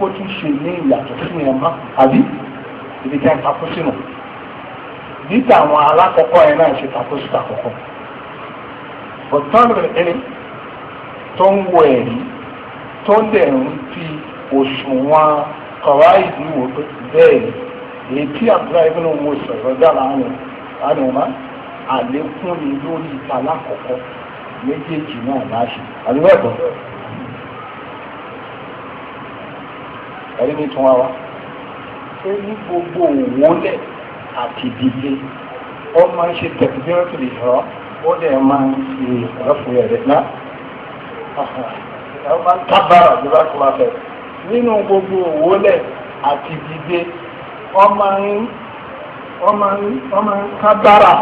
kó tún ṣe ní ìyàtọ̀ sí yẹn mọ́ àbí ibi tí a takó sínú bí táwọn alákọ̀ọ́kọ́ yẹn náà ṣe takó sí takọ̀kọ́ ọ̀tọ́nù ẹni tó ń wọ ẹ̀rí tó dẹ̀ ń fi òṣùwọ̀n kọ̀wá ìlú wò bẹ́ẹ̀ èyí tí abdullahi ibn umar sọ̀rọ̀ dára àná ma àlékún ni lórí ìta alákọ̀ọ́kọ́ méjèèjì náà láṣẹ àdúgbò ẹ̀kọ́. ẹlẹ́mi tún wá wá ṣé ní gbogbo òwúlẹ̀ àti ìdílé ó máa ń ṣe tẹ̀síbíọ́rọ́ tó lè rọ́ ó dẹ̀ máa ń ṣe ọ̀rọ̀fọ̀ rẹ̀ náà ó máa ń tábàrà bí wọ́n ti máa nínú gbogbo òwúlẹ̀ àti ìdílé ó máa ń ó máa ń ó máa ń tábàrà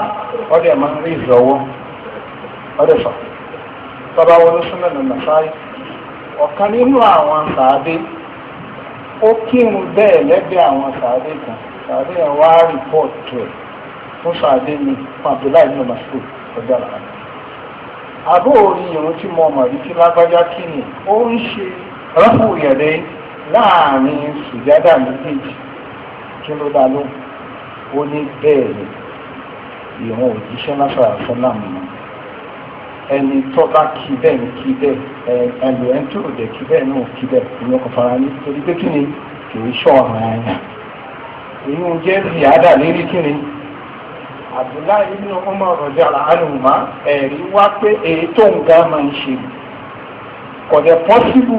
ó dẹ̀ máa ń rí ó dẹ̀ fà ó kírun bẹ́ẹ̀ lẹ́gbẹ́ àwọn sàádé kan sàádé wá rìpọ́ọ̀tù ẹ̀ fún sàádé ní fún abdullahi ibn masud ọjọ́ àlá àbó orin ìrún tí mo mọ̀ rí kí lágbájá kí ni ó ń ṣe rọ́pò yẹ̀rẹ́ láàrin sùjádà méjèèjì ẹni tó bá kí bẹ́ẹ̀ ní kí bẹ́ẹ̀ ẹlò ẹni tó rò dé kí bẹ́ẹ̀ náà kí bẹ́ẹ̀ ìyẹn kò fara ní torí pé kí ni kì í ṣọ́ ọ̀ràn àyàn. èyí ń jẹ́ ìyáàdà lérí kí ni Abdullahi ibn Umar radiyallahu anhuma ẹ̀rí wá pé èyí tó ń ga máa ń ṣe kò dẹ̀ pọ́síbù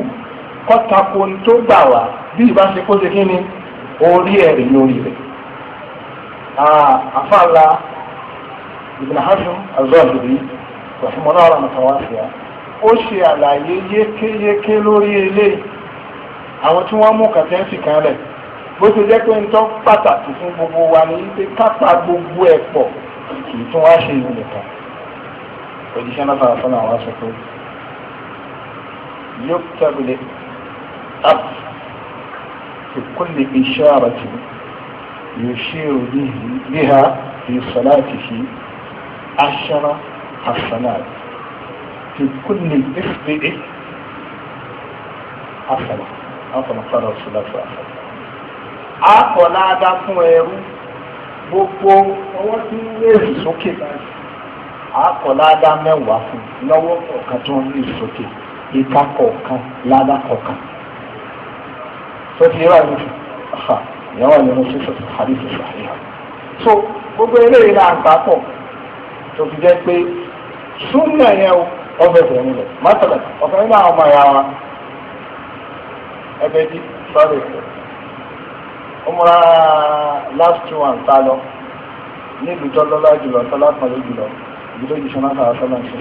kọ́tako tó gbà wá bí ìbá ṣe kó ṣe kí ni orí ẹ̀rí lórí rẹ̀ àfàlà Ibn Hazm az-Zuhri rahimahullah rahmatan wasi'a ó ṣe àlàyé yékéyéké lórí eléyìí àwọn tí wọ́n mú kàtẹ́ǹsì kan lẹ̀ bó ṣe jẹ́ pé nǹkan pàtàkì fún gbogbo wa ni pé kápá gbogbo ẹ̀ pọ̀ kì í tún wá ṣe ìlú nìkan òjíṣẹ́ náà fara fún àwọn aṣọ pé yóò tẹ̀lé app fi kulli isharati yushiru biha fi salatihi ashara. الصلاة في كل إصبع حسنة أو كما قال رسول الله صلى الله عليه وسلم a kọ láadáa fún ẹrú gbogbo ọwọ́ tí ń rèé sókè a kọ láadáa mẹ́wàá fún lọ́wọ́ kọ̀ọ̀kan tó ń rèé sókè ìka kọ̀ọ̀kan láadáa kọ̀ọ̀kan tó ti rà ní ṣá ìyàwó ìyọnu sísọ àdìsí ṣàhíhà so gbogbo eléyìí náà ń gbà pọ̀ tó fi jẹ́ pé súnà yẹn ọbẹ̀ bẹ̀rẹ̀ nílẹ̀ mọ́tàlá ọ̀kan nínú àwọn ọmọ ìyá wa ẹbẹ̀ dí sọ́ọ̀rì ọmọra last two and ta lọ nílùú tọ́lọ́lá jùlọ tọ́lá pọ̀lẹ́ jùlọ ìdílé jù sọ́nà àtàwọn sọ́nà ṣe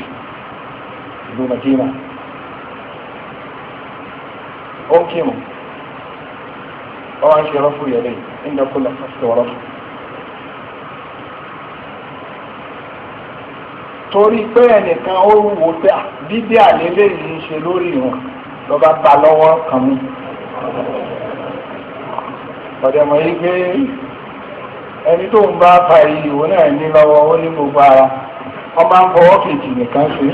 ìlú Madina ó kí mu ọwọ́n ṣe rọ́fù yẹlẹ̀ ìdọ́kùnlẹ̀ ọ̀ṣọ́ rọ́fù. torí pé ẹnìkan ó wò pé ah, bíbí àlélẹ́ yìí ń ṣe lórí ìwọ̀n lọ́ba ta lọ́wọ́ kan mú. ọ̀dẹ̀mọ̀ yìí pé ẹni tó ń bá fa ìyìwò náà ní lọ́wọ́ ó ní gbogbo ara wọ́n máa ń fọwọ́ kejì nìkan ṣe.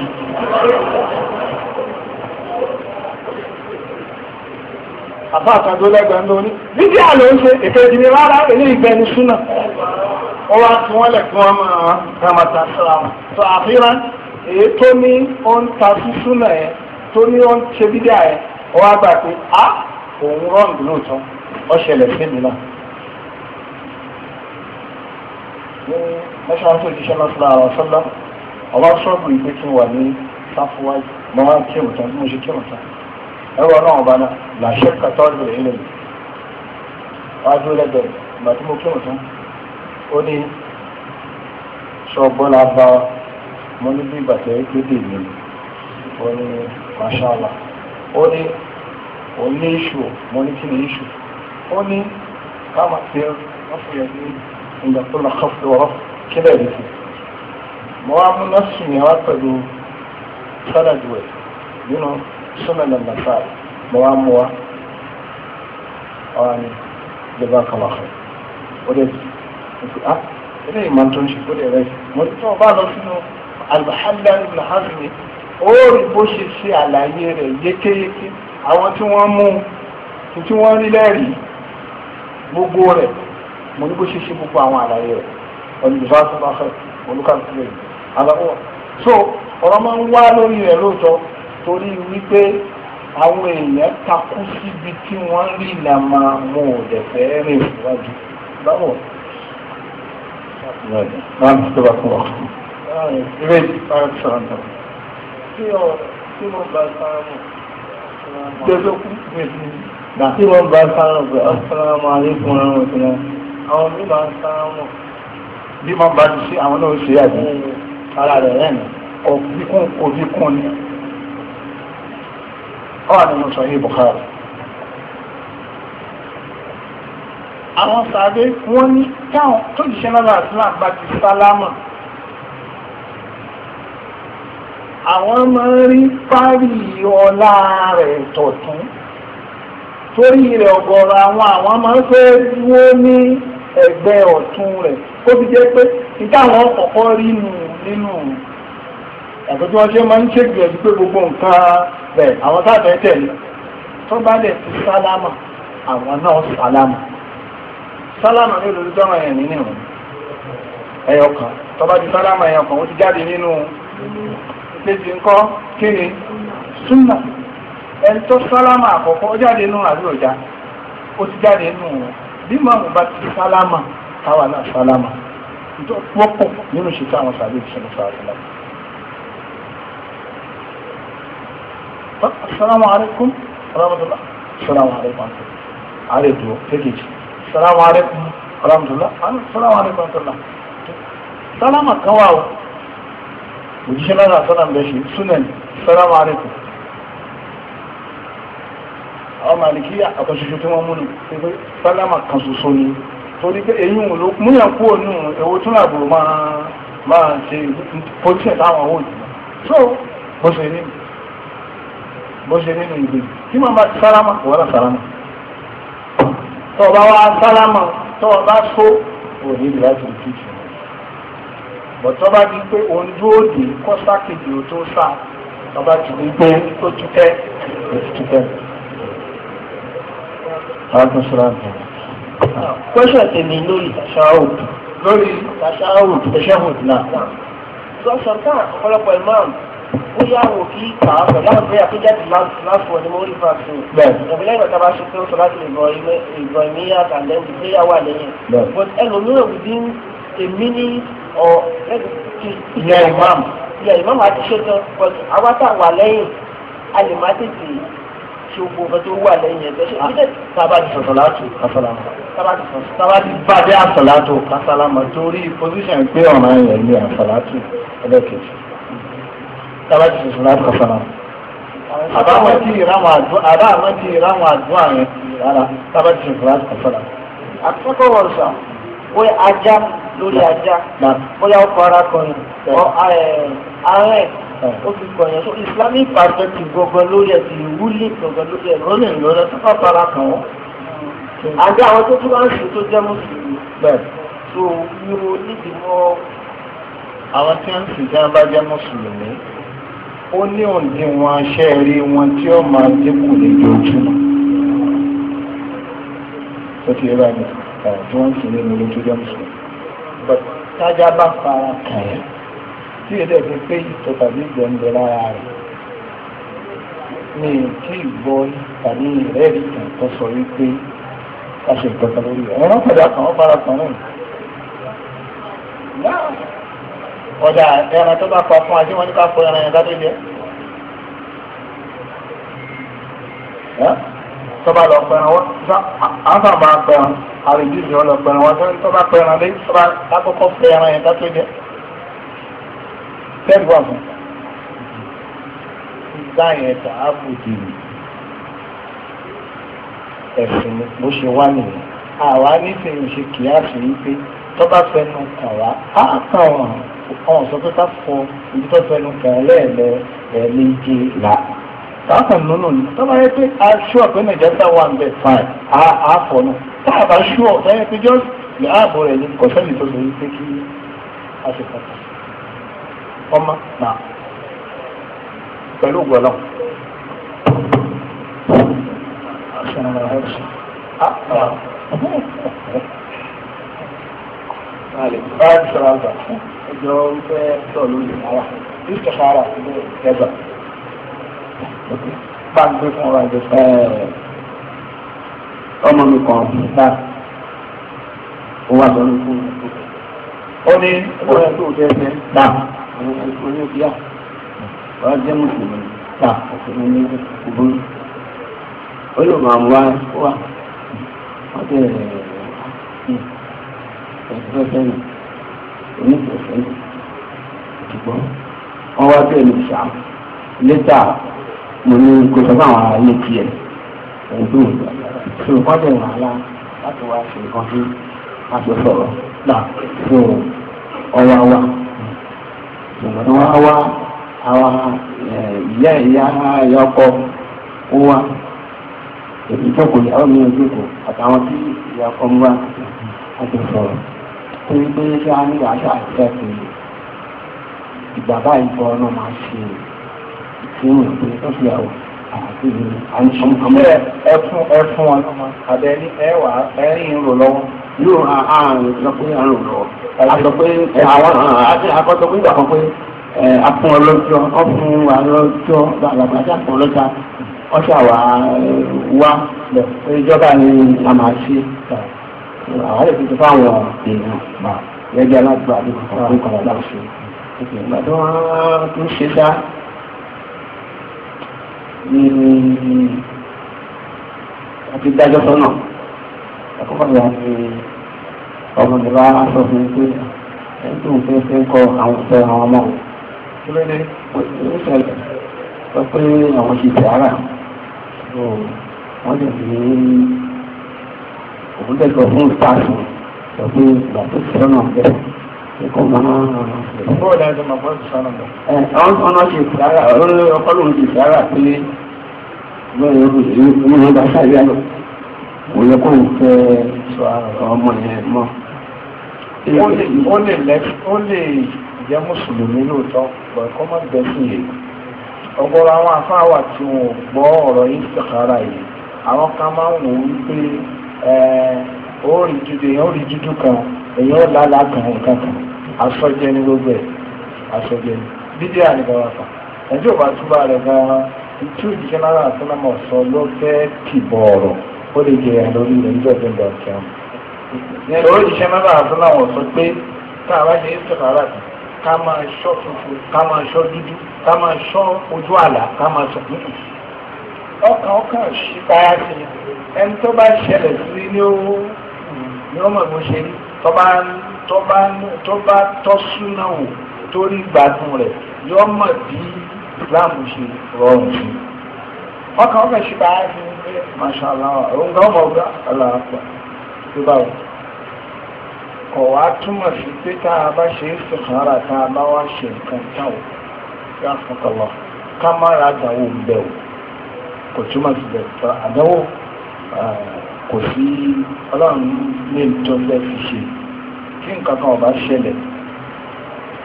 àbá àtàndó lẹ́gbẹ̀ẹ́ ń lórí bíbí àlè ń ṣe èkejì ni rárá eléyìí bẹni súnà. wọ́n wá tí wọ́n lẹ̀ kí wọ́n máa ramata síra wọn. tó àfihàn èyí tó ní ó ń ta tútù náà yẹn tó ní ó ń ṣe bídíà yẹn wọ́n wá gbà pé a òun rọ́ǹdì lóòótọ́ ó ṣẹlẹ̀ sí mi náà. ní mẹ́sàn-án tó jíṣẹ́ náà síra àwọn sọ́lá ọba sọ́ọ̀bù ìgbé tí wà ní sáfúwájú mo máa ń kírun tán bí mo ṣe kírun tán ẹ̀rọ náà ọba náà làṣẹ kàtọ́ọ̀lù ìlẹ̀ yìí wájú lẹ́gbẹ̀ẹ́ ìgbà tí mo kírun tán ó ní ṣọ́gbọ́n la bá mo ní bí bàtẹ́ tó dè mí ó ní mashallah ó ní òun ní iṣu mo ní kí ni iṣu ó ní káàmà tí wọ́n fi ẹ̀mí ìgbà tó lọ kọ́ fún ọ̀rọ̀ kí lẹ́ẹ̀ lè fi mo wá mú nọ́ọ̀sì yẹn wá pẹ̀lú sọ́dọ̀dù nínú sọ́dọ̀dù nàfà mo wá mú wa ọ̀rọ̀ ni ìjọba kan wà fún ó dé sí. Ah, ilé ìmọ̀ tó ń ṣe kó lè rẹ̀ mọ̀ tí wọ́n bá lọ sínú àlùhàlà ìlú hàmì ó rí bó ṣe ṣe àlàyé rẹ̀ yékéyéké àwọn tí wọ́n mú tí wọ́n rí lẹ́rìí gbogbo rẹ̀ mo ní bó ṣe ṣe gbogbo àwọn àlàyé rẹ̀ olùdíjọ́ tó bá fẹ́ olùkàlùkù rẹ̀ àlọ́wọ́ so ọ̀rọ̀ máa ń wá lórí rẹ̀ lóòótọ́ torí wípé àwọn èèyàn takú síbi tí wọ́n rí ìlànà àwọn òdẹ̀fẹ́ rìn síwájú báwo نعم جزاكم الله خير ìbéèrè ara ti sọ̀rọ̀ nǹkan. tí o tí mo bá sára mọ̀ jẹ́jọ́ kú gbèsè nà tí mo bá sára mọ̀ asalaamu aleykum wa rahmatulah àwọn mi máa ń sára mọ̀. bí mo bá ti ṣe àwọn náà ṣe àjẹ́ ara rẹ̀ rẹ̀ nà ọ̀fikún òfikún ni. ọ̀hún ni mo sọ yìí Bukhari. àwọn sàbẹ wọ́n ní táwọn tó jíṣẹ́ náà islam bá ti sálámà àwọn máa ń rí párí ọlá rẹ̀ tọ̀tún torí rẹ̀ ọ̀gọ̀rọ̀ àwọn àwọn máa ń fẹ́ wó ní ẹ̀gbẹ́ ọ̀tún rẹ̀ ó fi jẹ́ pé ìtàwọn kọ̀kọ́ rí nù nínú yàtọ̀ tí wọ́n ṣe máa ń ṣègbè ẹ̀dí pé gbogbo nǹkan rẹ̀ àwọn sábẹ́ tẹ̀lé tó bá lè ti sálámà àwọn náà sálámà. sálámà ní olùdókòtò ọ̀ràn yẹn nínú ẹyọ kan tọ́ba sálámà ẹyọ kan ti jáde nínú kejì ńkọ́ kí ni ẹni tó sálámà àkọ́kọ́ ó jáde nínú àbí ó ti jáde nínú bí màmú bá ti sálámà náà sálámà wọ́pọ̀ nínú ṣètò àwọn salamu alaikum alhamdulilah salamu alaikum alhamdulilah salama kan wà o òjíṣẹ́ náà náà sọ́nà ń bẹ ṣe sunan salamu alaikum àwọn màlìkíyà àkọsíṣe tí wọ́n mú ni pé sálámà kan ṣoṣo ni torí pé èyí ń lò múyàn kúrò ní ewu tí làbò máa máa ṣe pọ́tíẹ̀ táwọn owó yìí so bó ṣe nínú bó ṣe nínú ìgbè tí màmá sálámà wàhálà sálámà tọba wa sálámà tọba só òní ìlú láti ojú jù bọ̀ tọba di pé òun dúró dé kọ́sá kejì ò tó sá tọba ti rí pé ó túkẹ́ ó túkẹ́. Aláàbò sọ̀rọ̀ àgbà. Pẹ́sẹ̀ tèmi lórí tàṣáhùd. Lórí tàṣáhùd tàṣáhùd náà. Sọ̀sọ̀ náà ọ̀pọ̀lọpọ̀ ìmáàmù bóyá àwọn òbí kà á pẹ̀lú àwọn ìgbéyà tó jáde láàfọ̀ ni mo rí fà sí. ìrọ̀lẹ́ ìgbà tá a bá ṣe pé ó sọ láti ìgbọ̀ ìgbọ̀ ìmí àtàlẹ́ ìgbéyà wà lẹ́yìn. but ẹlòmíràn within a minute or ilẹ̀ imam ilẹ̀ imam àti ṣetán but àwa tá a wà lẹ́yìn a lè má tètè ṣe gbogbo nǹkan tó wà lẹ́yìn ẹgbẹ́ ṣe kílẹ̀. tábà ti sọ̀tọ̀ látò kásálámà. tábà ti bàdé àsàlátò kásálámà torí position pé ọ̀ràn yẹn ní àsàlátò ẹlẹ́kẹ̀ẹ́ tábà ti sùn láti kọ̀sánà. àbá wọn ti ìrànwọ́ àdúrà àbá wọn ti ìrànwọ́ àdúrà yẹn rárá tábà ti sùn láti kọ̀sánà. àkọ́kọ́ wọ̀rọ̀ sàn wọ́n ajá lórí ajá bóyá ó fara kọyìn ààrẹ ó fi kọyìn so islamic perspective gbogbo lórí ẹ̀ ti wúlé gbogbo lórí ẹ̀ lónìí lọ́dọ̀ tó fà fara kàn wọ́n. àti hmm. àwọn tó tún bá ń sùn tó jẹ́ mùsùlùmí so wíwo nídìí mọ́ àwọn tí wọ́n ń sìn tí wọ́n bá jẹ́ mùsùlùmí ó ní òǹdíwọ̀n aṣẹ́ rí wọn tí ó máa dínkù lójoojúmọ́ ó ti rà ní ọ̀rọ̀ tí wọ́n ń sìn nínú ilé tó jẹ́ mùsùlùmí tájá bá fara kàn yẹn tí èdè fi pé ìtọ̀ tàbí ìgbọ̀nbẹ̀ lára rẹ̀ ní kí ìgbọ́ tàbí ìrẹ́rì kan tó sọ wípé ká ṣe ìtọ́ta lórí rẹ̀ ẹ̀rọ pẹ̀lú àkànwọ́ fara kàn náà ọ̀dà ẹran tó bá pa fún wa tí wọ́n ní ká fọ ẹran yẹn dájú jẹ́ tó bá lọ pẹran wọ́n àǹfà máa pẹran àrèjì ìjọ lọ pẹran wọ́n tó bá pẹran lé tó bá lákòókò fẹ ẹran yẹn dájú jẹ́ tẹ́lifù wà fún ìgbà yẹn tà á bù jìnnì ẹ̀sìn bó ṣe wá nìyẹn àwa nífẹ̀ẹ́ ìṣe kìí àṣírí pé tó bá fẹnu kàn á kàn wọ́n àwọn sọ pé ká fọ ibi tó fẹnu kàn lẹ́ẹ̀lẹ́ ẹ̀ẹ́mẹ́jì là káàkàn nínú ni tó máa yẹ pé aṣọ àpẹẹrẹ ìjẹta wà ń bẹ fine á fọ a káàbà ṣú ọ tó yẹ pé jọ ní ààbò rẹ ní kọsẹ́nì tó lè pé kí a ṣe pàtàkì ọmọ nà pẹ̀lú gbọ́lọ́. Vale, vale, vale ẹjọ́ ń fẹ́ sọ lórí ara ní ìtọ́sára ilé ìjẹba pàgbé fún ọ̀rọ̀ àjọ ọmọ mi kan náà ó wà lọ́nà fún mi. ó ní ọ̀rẹ́ tó jẹ́ ẹsẹ̀ náà oní òkúyà ọ̀rẹ́ jẹ́ mùsùlùmí náà ọ̀sẹ̀ ní ìbúrú. ó yóò máa mú wa wá wọ́n tẹ̀ ẹ̀ẹ́dẹ́gbẹ́sẹ̀ náà onífẹ̀fẹ́ ṣùgbọ́n wọ́n wá bẹ́ẹ̀ ní ṣá lẹ́tà mo ní kò sọ fún àwọn ará ilé tiẹ̀ ẹ̀dùn ìṣòro kan tẹ̀ wàhálà láti wá ṣe nǹkan tí a ti sọ̀rọ̀ náà fún ọwọ́ wa ṣùgbọ́n wọ́n á wá àwọn ìyá ìyá ìyá ọkọ ó wá èyí tó kò yà ó ní ojú kò àtàwọn tí ìyá ọkọ ń wá a tó ń gbé ṣé a nílò aṣọ àtẹ́kùn ìgbà báyìí gan ọ̀nà máa ṣe ìfihàn pé ó fi àwọn àti àìsàn kan. ṣé ẹ fún ẹ fún wọn àbẹ ní ẹ wà ẹ ń rò lọ́wọ́. yóò hàn àrùn sọ pé àrùn lọ. a sọ pé àwọn àti àkọsọ pé ìgbà kan pé afun ọlọ́jọ́ ọfun ọlọ́jọ́ alàgbàjá fún ọlọ́jà ọṣà wà wá ìjọba ni a máa ṣe àwọn lè fi tó fáwọn èèyàn mà gẹ́gẹ́ alágbà àdúgbò kan tó kàn wọ́n ṣe ìgbà tó wọ́n ń ṣe dá ní àti dájọ́ sọ́nà àkọ́kọ́ ìyá ni ọmọ ìlú aṣọ fún mi pé ẹni tó ń fẹ́ fẹ́ kọ àwọn ìfẹ́ àwọn ọmọ òun kí ló dé ó ṣẹlẹ̀ sọ pé àwọn ṣe tẹ̀ ara wọ́n sì fi òun dẹ̀ lọ fún sáàsì lọ pé ìgbà tó ti sọ́nà bẹ́ẹ̀ ṣe kó máa. bó o dájú máa bọ́ sí sọ́nà bẹ́ẹ̀. ẹ àwọn ọ̀nà ṣe ìfìlára ọkọ lòun ṣe ìfìlára pé lóyún olùdíyẹ ní ìgbà sáré àlọ́ kò yẹ kó fẹ́ ọmọ yẹn mọ́. ó lè jẹ́ mùsùlùmí lóòótọ́ pẹ̀kọ́ má gbẹ́sìn yìí ọ̀gọ̀rọ̀ àwọn afáwà tí wọn gbọ́ ọ̀rọ̀ yìí ṣèkára yìí àwọn kan máa ń wò wípé ó rí dúdú kan èèyàn ó lálàá kan nǹkan kan asọ́jẹ́ ní gbogbo ẹ̀ asọ́jẹ́ ní bídí àníbàwà kan ẹjọ́ bá túbà rẹ̀ gan-an ìtú ìdíjẹ́ àtúnámọ̀ sọ ló fẹ́ kìbọ̀ ọ̀rọ̀ ó lè jẹ ìyàn lórí rẹ̀ níjọ́ tó ń bọ̀ kí wọn. ìyẹn àtúnámọ̀ sọ pé tá a bá ṣe é kan ká máa ṣọ́ funfun ká máa ṣọ́ dúdú ká máa ṣọ́ ojú ká máa sọ ẹni tó bá ṣẹlẹ̀ sí ní ó ní ọmọ ìbò ṣe rí tó bá tó bá tó bá tọ́ súná wò torí gbádùn rẹ̀ yọ mọ̀ bí Islam ṣe rọrùn sí ọkàn ọkàn ṣe bá ní masha Allah òun gan ọmọ ọgbà aláàpá tó bá wù kọ̀ wá túmọ̀ sí pé tá a bá ṣe é sọ̀kan ara tá a bá wá ṣe nǹkan táwọn yá fọkànlá ká má ra àdánwò ń bẹ̀ wò kò túmọ̀ sí bẹ̀ àdánwò kò sí ọlọ́run ní ìjọ fẹ́ fi ṣe tí nǹkan kan ọba ṣẹlẹ̀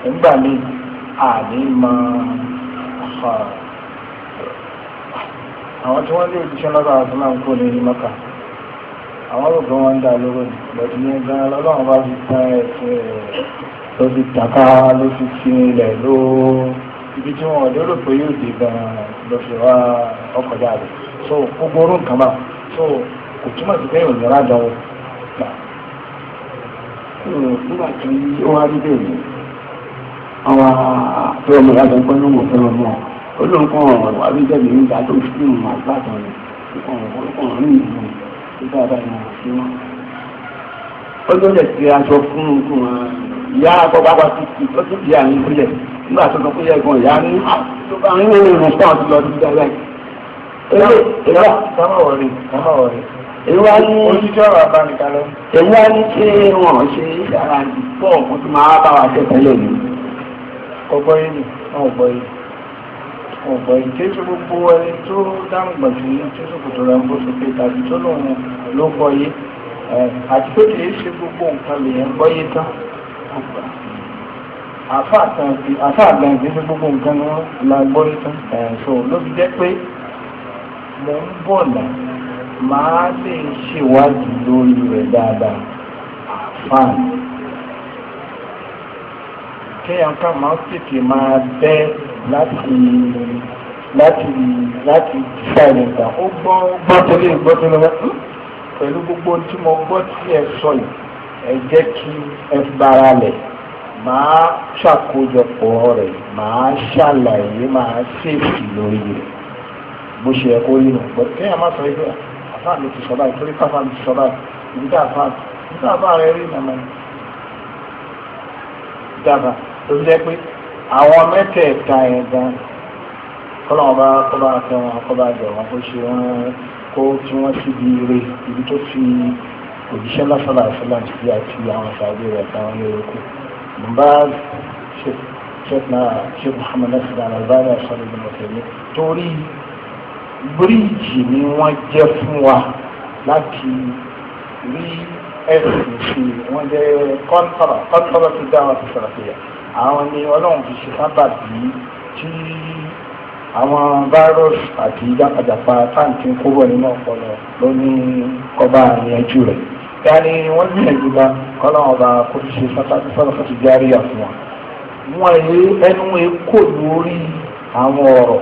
nígbà míì àní mọ àwọn tí wọ́n lé òṣìṣẹ́ lọ́dọ̀ àwọn tó máa ń kó ní mọ́kà àwọn olùkọ́ wọn ń dá lóró ní ìgbẹ́jú ní gan lọ́lọ́run bá fi tán ẹ̀sìn ló fi tàká ló fi fi ilẹ̀ ló ibi tí wọn ò lérò pé yóò dé gan ló fi wá ọkọ̀ jáde so gbogbo orú nǹkan báà so kò túmọ̀ sí pé òyìnbó rájọ o nígbà tí ó wá rí bẹ́ẹ̀ àwọn àpẹẹrẹ ọmọ ìyá àgbọn pẹ́ẹ́nù mọ̀ fẹ́ràn mọ́ olóhùn kan ọ̀rọ̀ wà bí jẹ́bi nígbà tó fi kí ìmọ̀ àgbàtàn rẹ̀ nípa ọ̀rọ̀ ọ̀rọ̀ ní ìlú nígbà báyìí mọ̀ sí wọn. ó ló lè ti aṣọ fún un ìyá akọ́gbàgbà ti ti tó ti di àmì nígbà tó sọ pé ẹ̀gbọ́n ìyá ní àárín ìrìn ìrìn Ìwá ní ìwá ní ṣé wọ́n ṣe ìṣàrà pọ̀ kó tó máa bá wa ṣe tẹ́lẹ̀ mi. Ọ̀gbọ́n yìí ni, ọ̀gbọ́n yìí. Ọ̀gbọ́n yìí kí ṣe gbogbo ẹni tó dáhùn gbàjú ní tí ó kòtò rẹ̀ ń bó sókè tàbí tó lòun ló gbọ́ yé. Àti pé kì í ṣe gbogbo nǹkan lèèyàn gbọ́ yé tán. Àfáà gan ṣe gbogbo nǹkan la gbọ́ yé tán. Ṣò ló fi jẹ́ pé mo ń bọ̀ náà màá lè ṣèwádìí lórí rẹ̀ dáadáa àfáà kéèyàn ká máa tètè máa bẹ́ láti láti láti ṣàlẹ̀ gbà ó gbọ́ gbọ́ tó lè gbọ́ tó lè wá hmm? pẹ̀lú gbogbo tí mo gbọ́ tí ẹ sọ yìí ẹ jẹ́ kí ẹ bára lẹ̀ màá ṣàkójọpọ̀ rẹ̀ màá ṣàlàyé màá ṣèṣì lórí rẹ̀ bó ṣe ẹ̀kọ́ rí nù pẹ̀lú kéèyàn má sọ ẹgbẹ́ àfáà mi ti sọ báyìí torí káfá mi ti sọ báyìí ibi tá àfáà ibi tá àfáà rẹ rí nàmọ́ ni. dábàá tó ń jẹ́ pé àwọn mẹ́tẹ̀ẹ̀ta yẹn gan kọ́lọ́wọ́n bá kọ́ba àtẹ wọn kọ́ba àjọ wọn kó ṣe wọn kó tí wọ́n sì di ire ibi tó fi òjíṣẹ́ lásàlà àṣàlà ti àti àwọn ìṣàgbé rẹ̀ táwọn ní orúkọ. bàbá ṣe ṣe Muhammad nasir alalbani bíríìjì ni wọ́n jẹ́ fún wa láti rí ẹ̀sìn sí wọ́n jẹ́ kọ́ńtọ́rọ̀ kọ́ńtọ́rọ̀ tó dá wọn ti sọ̀rọ̀ sí yà àwọn ni ọlọ́run fi ṣe sábàbí tí àwọn fáírọ́ọ̀sì àti ìdápadàpá táǹkì ń kúrò nínú ọpọlọ ló ní kọ́bá ìyẹnjú rẹ̀ yáni wọ́n gbìyànjú bá kọ́lọ́run ọba kó ti ṣe sọ́dọ̀ fún ti járíyà fún wọn. wọ́n yé ẹnu ekó lórí àwọn ọ̀rọ̀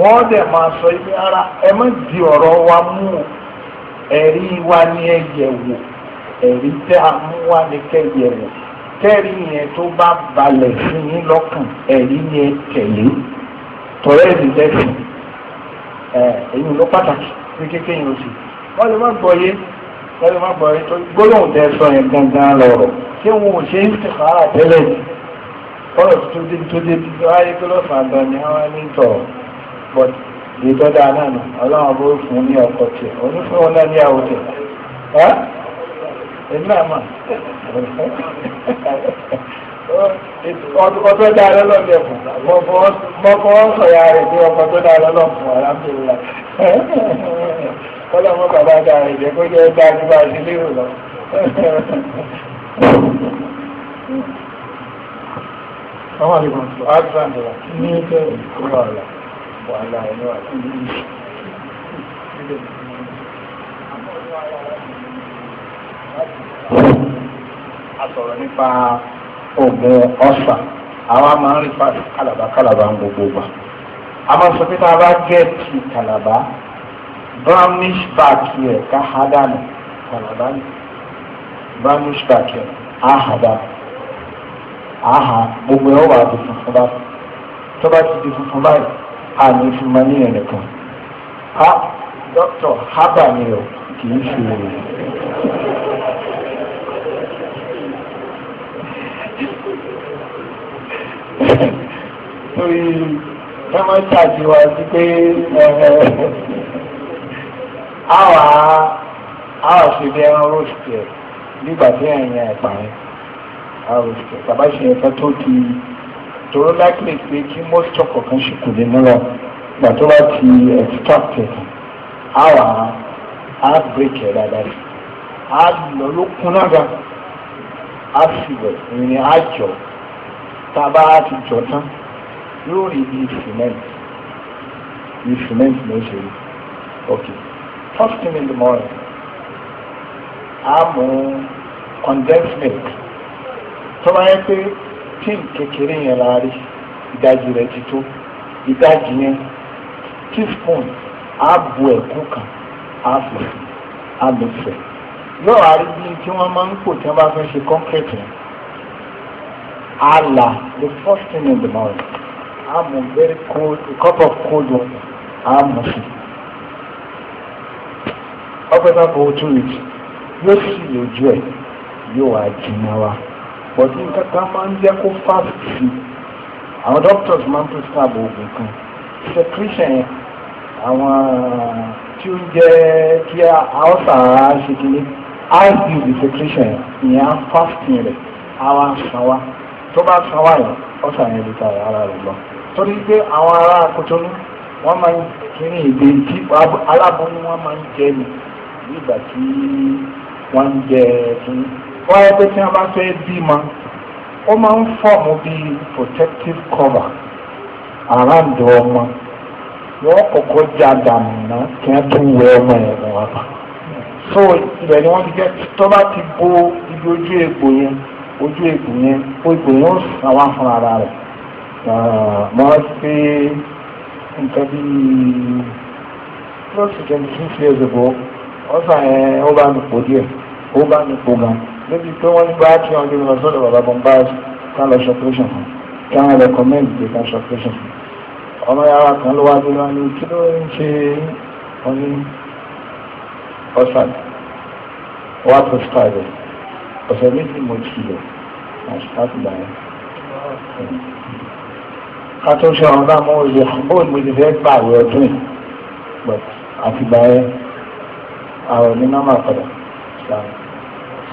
wọ́n dẹ̀ máa sọ ibi ara ẹ má di ọ̀rọ̀ wa mú o ẹ̀rí wa ni ẹ yẹ̀ wò ẹ̀rí tẹ́ a mú wa ni kẹ́ yẹ̀ wò kẹ́rí yẹn tó bá balẹ̀ sí yín lọ́kàn ẹ̀rí ni ẹ tẹ̀lé tọ́lẹ̀ ẹ̀rí lẹ́sìn ẹ̀ ẹ̀yin ló pàtàkì pé kékeré yín ó sì wọ́n lè má gbọ́ yé wọ́n lè má gbọ́ yé tó gbólóhùn tẹ́ sọ yẹn gangan lọ́rọ̀ ṣé wọn ò ṣe ń tẹ̀kára tẹ́lẹ̀ ọ̀rọ̀ tó dé tó dé tó dé wáyé pé lọ́sàn-án gan ni wọ́n á ní tọ̀ọ̀ but èyí tó dáa náà nù ọlọ́run bó fún ní ọkọ̀ tiẹ̀ onífún wọn náà ní àwọn tiẹ̀ ẹ́ èmi náà mà ọkọ̀ tó dáa lọ́lọ́ bí ẹ̀fọ́ mọ fọwọ́ sọ̀yà rẹ̀ pé ọkọ̀ tó dáa lọ́lọ́ fún alámbèrè ọlọ́run bàbá dáa rẹ̀ jẹ́ kó jẹ́ dáa ju bá a ṣe lérò lọ. Àwọn àlejò àti àgbà ní o ìkọ́lá ọ̀la wàhálà ẹ̀rọ àti ìlú. a sọ̀rọ̀ nípa oògùn ọ̀sà àwa máa ń rí pàdé kàlàbà kàlàbà ń a máa sọ pé tá a bá gẹ̀ẹ́tì kàlàbà brownish back yẹ ká há dànù kàlàbà ni brownish back yẹ á há dànù á gbogbo ẹ̀ wà di funfun báyìí tó bá ti di funfun báyìí àmì ìfìmọ̀ ní ẹnìkan ha dókítà hábà ni ọ kì í ṣe èrè. torí ẹ máa ń ṣàjẹwà sí pé àwa àwa ṣe bí ẹran roast nígbà tí ẹ̀yìn ẹ̀pà yẹn àwa roast tàbá ṣe tó ti tòró lákìlè pé kí moisture kọ̀ọ̀kan ṣì kò lè mú lọ gbà tó bá ti extract ẹ̀ á wà á break ẹ̀ dáadáa rẹ̀ á lọ ló kún lága á sì wẹ̀ ìrìn á jọ tá a bá ti jọ tán yóò rí bí cement bí cement ló ṣe rí ok first thing in the morning á mú condensed milk tó bá yẹ pé tí kékeré yẹn la rí ìdajì rẹ̀ ti tó ìdajì yẹn teaspoon á bu ẹ̀kú kan á fẹ̀ á lè fẹ̀ yóò wá rí bíi tí wọ́n máa ń pò tí wọ́n bá fẹ́ ṣe concrete yẹn the first thing in the morning á very cold a cup of cold water á mu sí ọ̀pẹ̀ bá bọ̀ ojú rẹ̀ yóò sì lójú ẹ̀ yóò wá jìnnà wa bọ̀dí nǹkan kan máa ń jẹ́ kó fast sí àwọn doctors máa ń prescribe oògùn kan secretion yẹn àwọn tí ó ń jẹ́ kí àọ́sà ṣe kíní ice the secretion yẹn ìyẹn á fast yẹn rẹ̀ àwa sàn wa tó bá sàn wa yẹn ọ̀sà yẹn lè ta ara rẹ̀ lọ torí pé àwọn ará Kotonu wọ́n máa ń kíní ìdè tí aláboyún wọ́n máa ń jẹ ní ìgbà tí wọ́n ń jẹ kíní wọ́n yẹ pé tí wọ́n bá fẹ́ bímọ ó máa ń fọ̀mù bíi protective cover around ọmọ wọ́n kọ́kọ́ já dànù náà kí wọ́n tún wẹ ọmọ yẹn lọ bá so ibẹ̀ ni wọ́n ti jẹ́ tó bá ti bo ibi ojú egbò yẹn ojú egbò yẹn egbò yẹn ó sàn wá fún ara rẹ̀ mo rántí pé nǹkan bíi close to twenty six years ago ọ̀sán yẹn ó bá mi díẹ̀ ó bá mi fò gan níbi pé wọ́n gba kí wọ́n gbé mi lọ sọ́dọ̀ bàbá bombaz ká lọ ṣe operation fún kí wọ́n recommend pé ká ṣe operation fún ọmọ yàrá kan ló wá dé wá ní kí ló ń ṣe ọní ọ̀sán wá prescribe ọ̀sẹ̀ méjì mo ti lò láti gbà yẹn ká tó ṣe ọ̀rọ̀ náà mọ́ òye bóun mi ti fẹ́ gbàwé ọdún yìí àtìgbà yẹn àwọn onímọ̀ àpàdà ṣáà.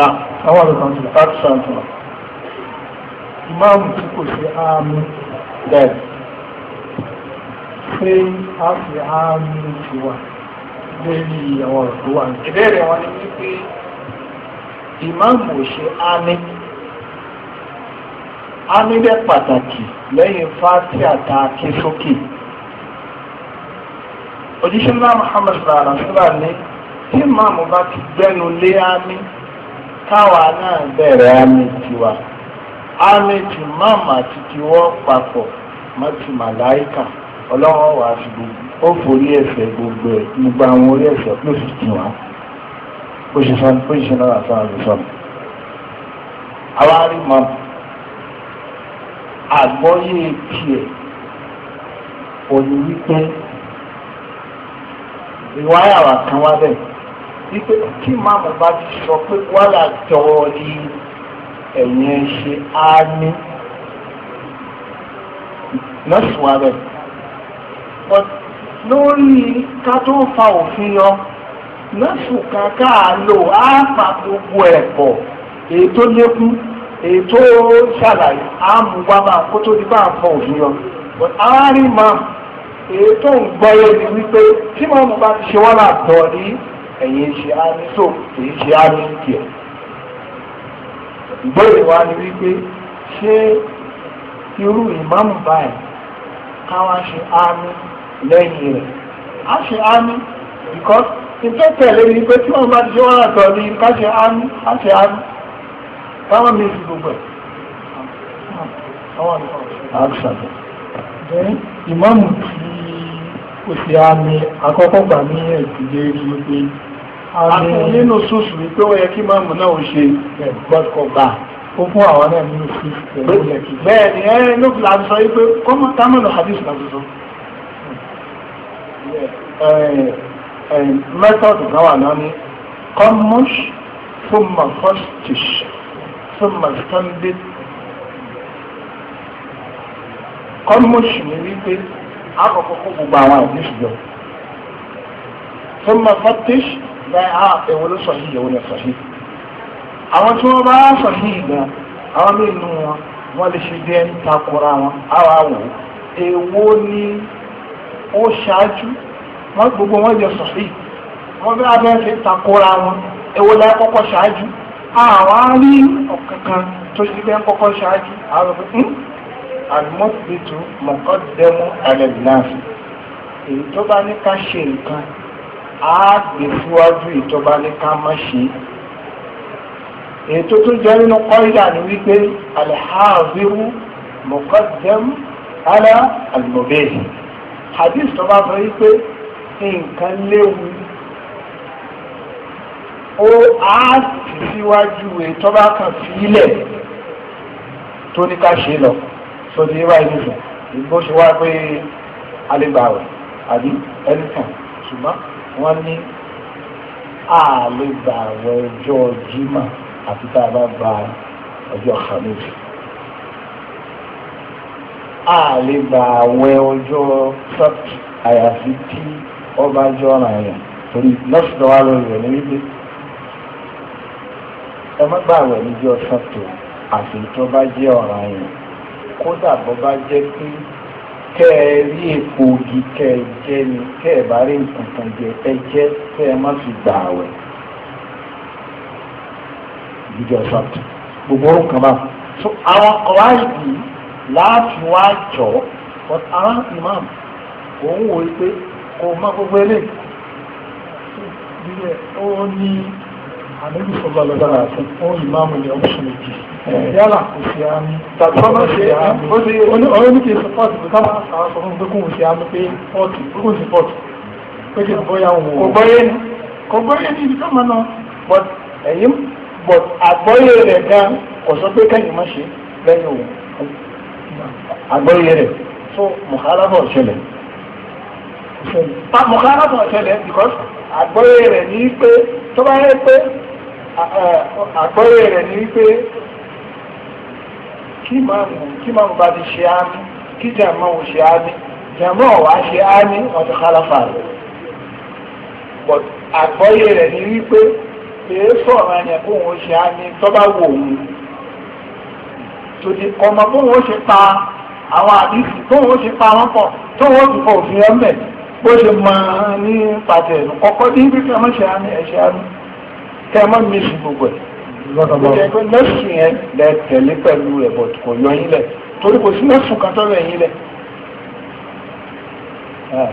náà àwọn àlọ́ kan sílẹ̀ láti sàn fún wa. ìmáàmù tí kò ṣe àmì bẹ́ẹ̀ pé a fi àmì ìwà lórí àwọn ọ̀rọ̀ tó wà ní. ìbéèrè wọn ni wípé ìmáàmù ò ṣe àmì àmì bẹ́ẹ̀ pàtàkì lẹ́yìn fáti àtàkì sókè òjíṣẹ́ ńlá Muhammad sallallahu alaihi wasallam ní tí màmú bá ti gbẹ́nu lé àmì káwa náà bẹ̀rẹ̀ àmì tiwa àmì tì máàmà títí wọ́n papọ̀ mọ́tì màláìkà ọlọ́wọ́ wà fi gbogbo ó forí ẹ̀ṣẹ̀ gbogbo ẹ̀ gbogbo àwọn orí ẹ̀ṣẹ̀ ló fi tì wá bó ṣe sọ́nù bó ṣe náà sọ́nù àti sọ́nù. àwa rí mọ́ àgbọ́yé tiẹ̀ òní wípé ìwáyà wà kan wá bẹ́ẹ̀ wípé kí máàmù bá ti sọ pé wàhálà jọ ni ẹ̀yìn ṣe á ní nọ́ọ̀sì wa rẹ̀ lórí ká tó fa òfin yọ nọ́ọ̀sì kankan àlò á fa gbogbo ẹ̀ pọ̀ èyí tó lékún èyí tó ṣàlàyé á mú wá máa kó tó di bá àfọ òfin yọ àárín máàmù èyí tó ń gbọ́ yé ni wípé tí máàmù bá ti ṣe wàhálà jọ ni ẹ̀yin ṣe á ní tó èyí ṣe á ní tiẹ̀. ìbéèrè wa ni wípé ṣé irú ìmáàmù báyìí káwá ṣe á ní lẹ́yìn rẹ̀ á ṣe á ní because ìtọ́ tẹ̀lé ni pé tí wọ́n bá ti ṣe wọ́n àtọ̀ ní ká ṣe á ní á ṣe á ní káwọn mi fi gbogbo ẹ̀. ìmáàmù tí kò ṣe á ní akọ́kọ́ gbà ní ẹ̀dùn lérí wípé àtún nínú sùsù wípé ó yẹ kí máàmù náà ó ṣe gbọ́dọ̀gbà ó fún àwọn náà nínú sùsù bẹ́ẹ̀ ni ẹ ló fi láti sọ wípé kọ́mọ támọ̀nù hadith láti sọ. mẹ́tọ̀dù kan wà náà ní kọ́mọ́ṣ fúnmọ̀ fọ́ṣtìṣ fúnmọ̀ sànńdé kọ́mọ́ṣ ni wípé àkọ́kọ́ kó gbogbo àwọn àdéṣùjọ fúnmọ̀ fọ́ṣtìṣ bẹ́ẹ̀ á ẹ̀wọ̀n ló sọ yìí ẹ̀wọ̀n lè sọ yìí. àwọn tí wọ́n bá sọ yìí gan àwọn mí nù wọn wọ́n lè ṣe bí ẹni takora wọn á wà wò ni ó ṣáájú wọ́n gbogbo wọn jẹ sọ yìí wọ́n bẹ́ẹ̀ abẹ́ fi takora wọn èwo la kọ́kọ́ ṣáájú àwọn á rí ọ̀kankan tó ṣe bẹ́ẹ̀ kọ́kọ́ ṣáájú àwọn ọ̀kankan àlùmọ́tìbìtì mọ̀kọ́dẹ́mú àlẹ́ ìlànà èyí tó bá ní ká ṣe nǹkan á gbé síwájú ìjọba ní ká má ṣe ètò tó jẹ́ nínú kọ́ńdà ni wípé alhaaziru muqaddam ala almubih hadith tó bá sọ wípé nǹkan léwu ó á sì síwájú ètò bá kan sílẹ̀ tó ní ká ṣe lọ sóde ìwà ìdìbò ìgbó ṣe wá pé alẹ́ gbà wẹ̀ àbí ẹnìkan ṣùgbọ́n wọ́n ní a lè gba àwọn ọjọ́ jimá àti tá a bá gba ọjọ́ khamis a lè gba àwọn ọjọ́ sabt àyàfi tí ọba jọra yẹn torí lọ́sọ̀tọ̀ wa lórí rẹ̀ ní wípé ẹ má gbà wẹ̀ níjọ́ sabt àfi tó bá jẹ́ ọ̀ràn yẹn kódà bó bá jẹ́ pé kẹ́ ẹ rí epo ògì kẹ́ ẹ jẹ́ ni kẹ́ ẹ bá rí nǹkan kan jẹ ẹ jẹ́ kẹ́ ẹ má fi gbà àwẹ̀ ìdíjọ ṣọ́ọ̀tù gbogbo orúkọ bá so àwọn ọ̀rá ìdí láti wá jọ but àwọn imam òun wò ó pé kò má gbogbo eléyìí ó ní àlejò sọgbà lọ́dọ̀ àti fún ìmáàmù ní ọ̀ṣun méjì yálà kò sí àmì tàbí ọmọ ṣe àmì ọ̀rẹ́ mi kì í sọ pọ́ọ̀tù bí káwọn àwọn sọ fún mi pé kóun ṣe àmì pé pọ́ọ̀tù kóun ṣe pọ́ọ̀tù pé kí n bọ́ yà wò. kò gbọ́yé ni kò gbọ́yé ni ibi káwọn náà but ẹ̀yìn but àgbọ́yé rẹ̀ gan kò sọ pé kẹ́yìn má ṣe lẹ́yìn òun àgbọ́yé rẹ̀ so mùkálàbọ̀ ṣẹlẹ̀ mùkálàbọ̀ ṣẹlẹ̀ because àgbọ́yé rẹ̀ ní pé tó bá yẹ pé àgbọ́yé rẹ̀ ní pé kí màmú bá ti ṣe ámì kí jàmọ́ ò ṣe ámì jàmọ́ ò wá ṣe ámì ọ̀tún kálàfà rẹ̀ àgbọ́yé rẹ̀ ní wípé èé sọ̀rọ̀ ẹ̀yẹ̀ kó òun ṣe ámì tó bá wò òun tòdì ọmọ bó wọn ṣe pa àwọn àdìsí bó wọn ṣe pa wọn pọ̀ tó wọn ti fọ òfin ọmọ ẹ̀ bó ṣe mọ ní pàtẹ́ kọ́kọ́ ní bí wọ́n ṣe ámì ẹ̀ ámì kẹ́ ẹ má mi sùn gbogbo ẹ̀ ó jẹ́ pé nẹ́sù yẹn lẹ tẹ̀lé pẹ̀lú rẹ̀ bọ̀ kò yọ yín lẹ̀ torí kò sí nẹ́sù kan tọ́lọ̀ yín lẹ̀ ah,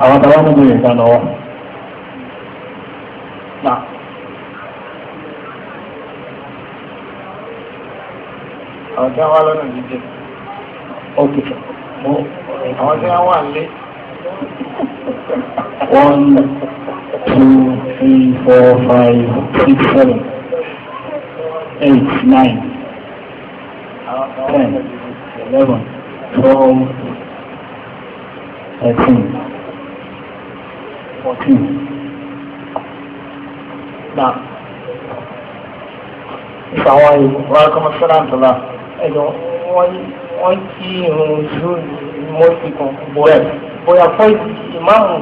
àwọn tàbá mú bèrè nǹkan lọ́wọ́ náà. àwọn tí wọ́n wá lọ́nà jíjìn ókè àwọn tí wọ́n wà lé. one two three four five six seven eight nine ten eleven twelve thirteen fourteen. Now, if I want you, welcome, Assalamu alaikum wọ́n kí irun ìlú mọ́tì kan bọ̀yà bọ̀yà fọ́ ìmáàmù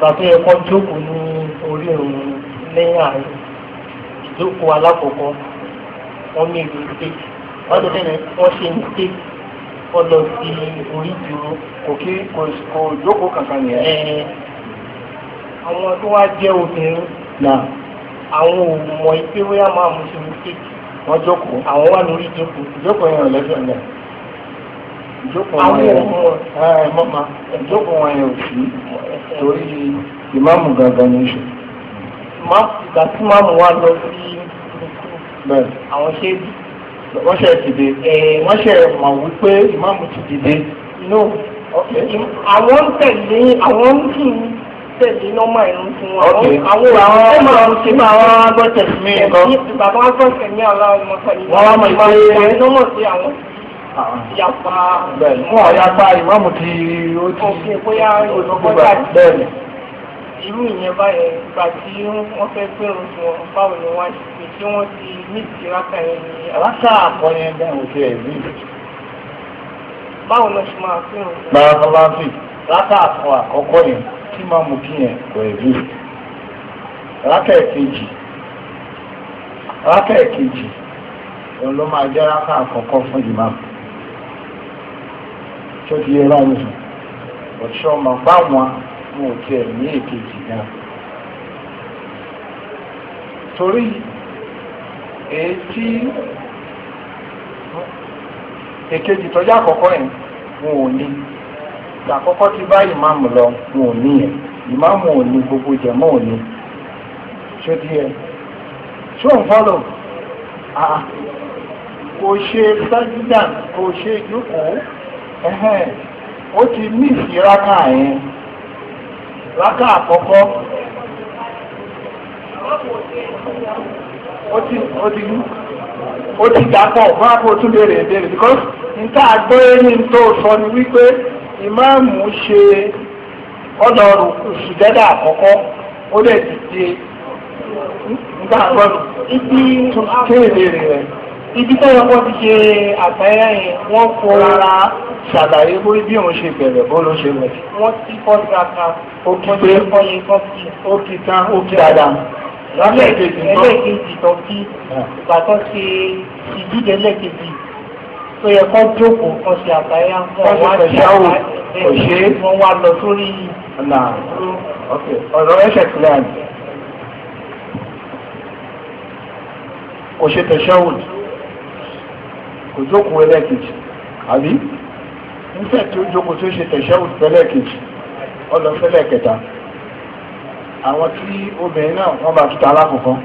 tàbí ẹ̀kọ́ jókòó ní orí irun lẹ́yìn ààrẹ ìjókòó alákọ̀ọ́kọ́ wọ́n ní ìlú stéèkì wọ́n tó tẹ́lẹ̀ wọ́n ṣe ní stéèkì wọ́n lọ sí orí ìdúró. kò kí kò jókòó kankan yẹn. ẹ àwọn tó wá jẹ́ obìnrin àwọn ò mọ̀ ìpéwéyà máa mú ṣe ní stéèkì wọ́n jókòó àwọn wà lórí ìjókòó ìjókòó yẹn lẹ́jọ́ yẹn ìjókòó wọn yẹn ìjókòó wọn yẹn ò sí torí ìmáàmù gangan ní ṣe. ìgbà tí máàmù wà lọ sí bẹ́ẹ̀ àwọn ṣe wọ́n ṣe dìde wọ́n ṣe mọ̀ wípé ìmáàmù ti dìde. no àwọn tẹ̀lé àwọn ń kí ni tẹ̀lé nọ́mà irun fún wa. àwọn àwọn ọmọ ọmọ ti máa wá gbọ́tẹ̀sí mi nǹkan. bàbá wa gbọ́tẹ̀ mi àlá ọmọ sọ̀rọ̀ ìwà wa máa ń ṣe nọ́mọ̀ sí àwọn yapa. bẹ́ẹ̀ni wọn ò yapa ìmọ̀mù tí ó ti. òkè bóyá ìgbọ́dà bẹ́ẹ̀ni. irú ìyẹn báyẹn ìgbà tí wọ́n fẹ́ gbẹ̀rù fún ọ báwo ni wọ́n ṣe pé tí wọ́n ti ní ìtiraka yẹn ni. aláṣà àkọyẹ bẹ́ẹ̀ òkè ẹ̀ ní. báwo lọ ṣe máa fẹ́ràn. báwo lọ ṣe máa fẹ́ràn. látà àkọ́kọ́ yẹn tí máa mú kí yẹn kò ẹ̀rí rákẹ̀kejì rákẹ̀kejì òun ló máa jẹ́ rákà àkọ́kọ́ fún ìmáàmù tó ti yẹ báyìí sùn ọ̀ṣọ́ máa bá wọn mú òkè ní èkejì náà torí èyí tí èkejì tọ́jú àkọ́kọ́ yẹn wọn ò ní. àkọ́kọ́ ti ba ìmáàmù lọ wọn ò ní yẹn ò gbogbo jẹ̀mọ́ ò ní ṣé díẹ̀ ṣó ń fọ́lọ̀ kò ṣe sẹ́gídà kò ṣe ìjókòó ó ti mí sí yẹn àkọ́kọ́ ti ó ti ó ti dàpọ̀ fún tún lè rè é dé because nǹkan àgbóyé ní sọ ni wípé. ìmáàmù ṣe ọ̀nà ìṣùjẹ́dà àkọ́kọ́ ó lè dìde nígbà àgbọ̀nù ibi kéèrè rẹ̀ ibi tẹ́lẹ̀ wọ́n ti ṣe àtẹ́yẹ́ yẹn wọ́n fọra ṣàlàyé lórí bí òun ṣe bẹ̀rẹ̀ bó ló ṣe bẹ̀rẹ̀. wọ́n ti kọ́ sí ata ó kí pé ó kí tán ó kí dáadáa lọ́lẹ́ẹ̀kejì tó kí ah. ìgbà tó ṣe ìdíje lẹ́ẹ̀kejì tó yẹ kó jókòó kan ṣe àbáyá wọn wá ṣe àwọn òṣèré wọn wá lọ sórí ọ̀rọ̀ ẹ̀ṣẹ̀ sílẹ̀ àná kò ṣe tẹ̀síọ́wòd kò jókòó ẹlẹ́ẹ̀kejì àbí nífẹ̀ẹ́ tí ó jókòó tí ó ṣe tẹ̀síọ́wòd fẹ́lẹ́ẹ̀kejì ọlọ fẹ́lẹ́ẹ̀kẹta àwọn tí obìnrin náà wọ́n bá tuta alákọ̀ọ́kọ́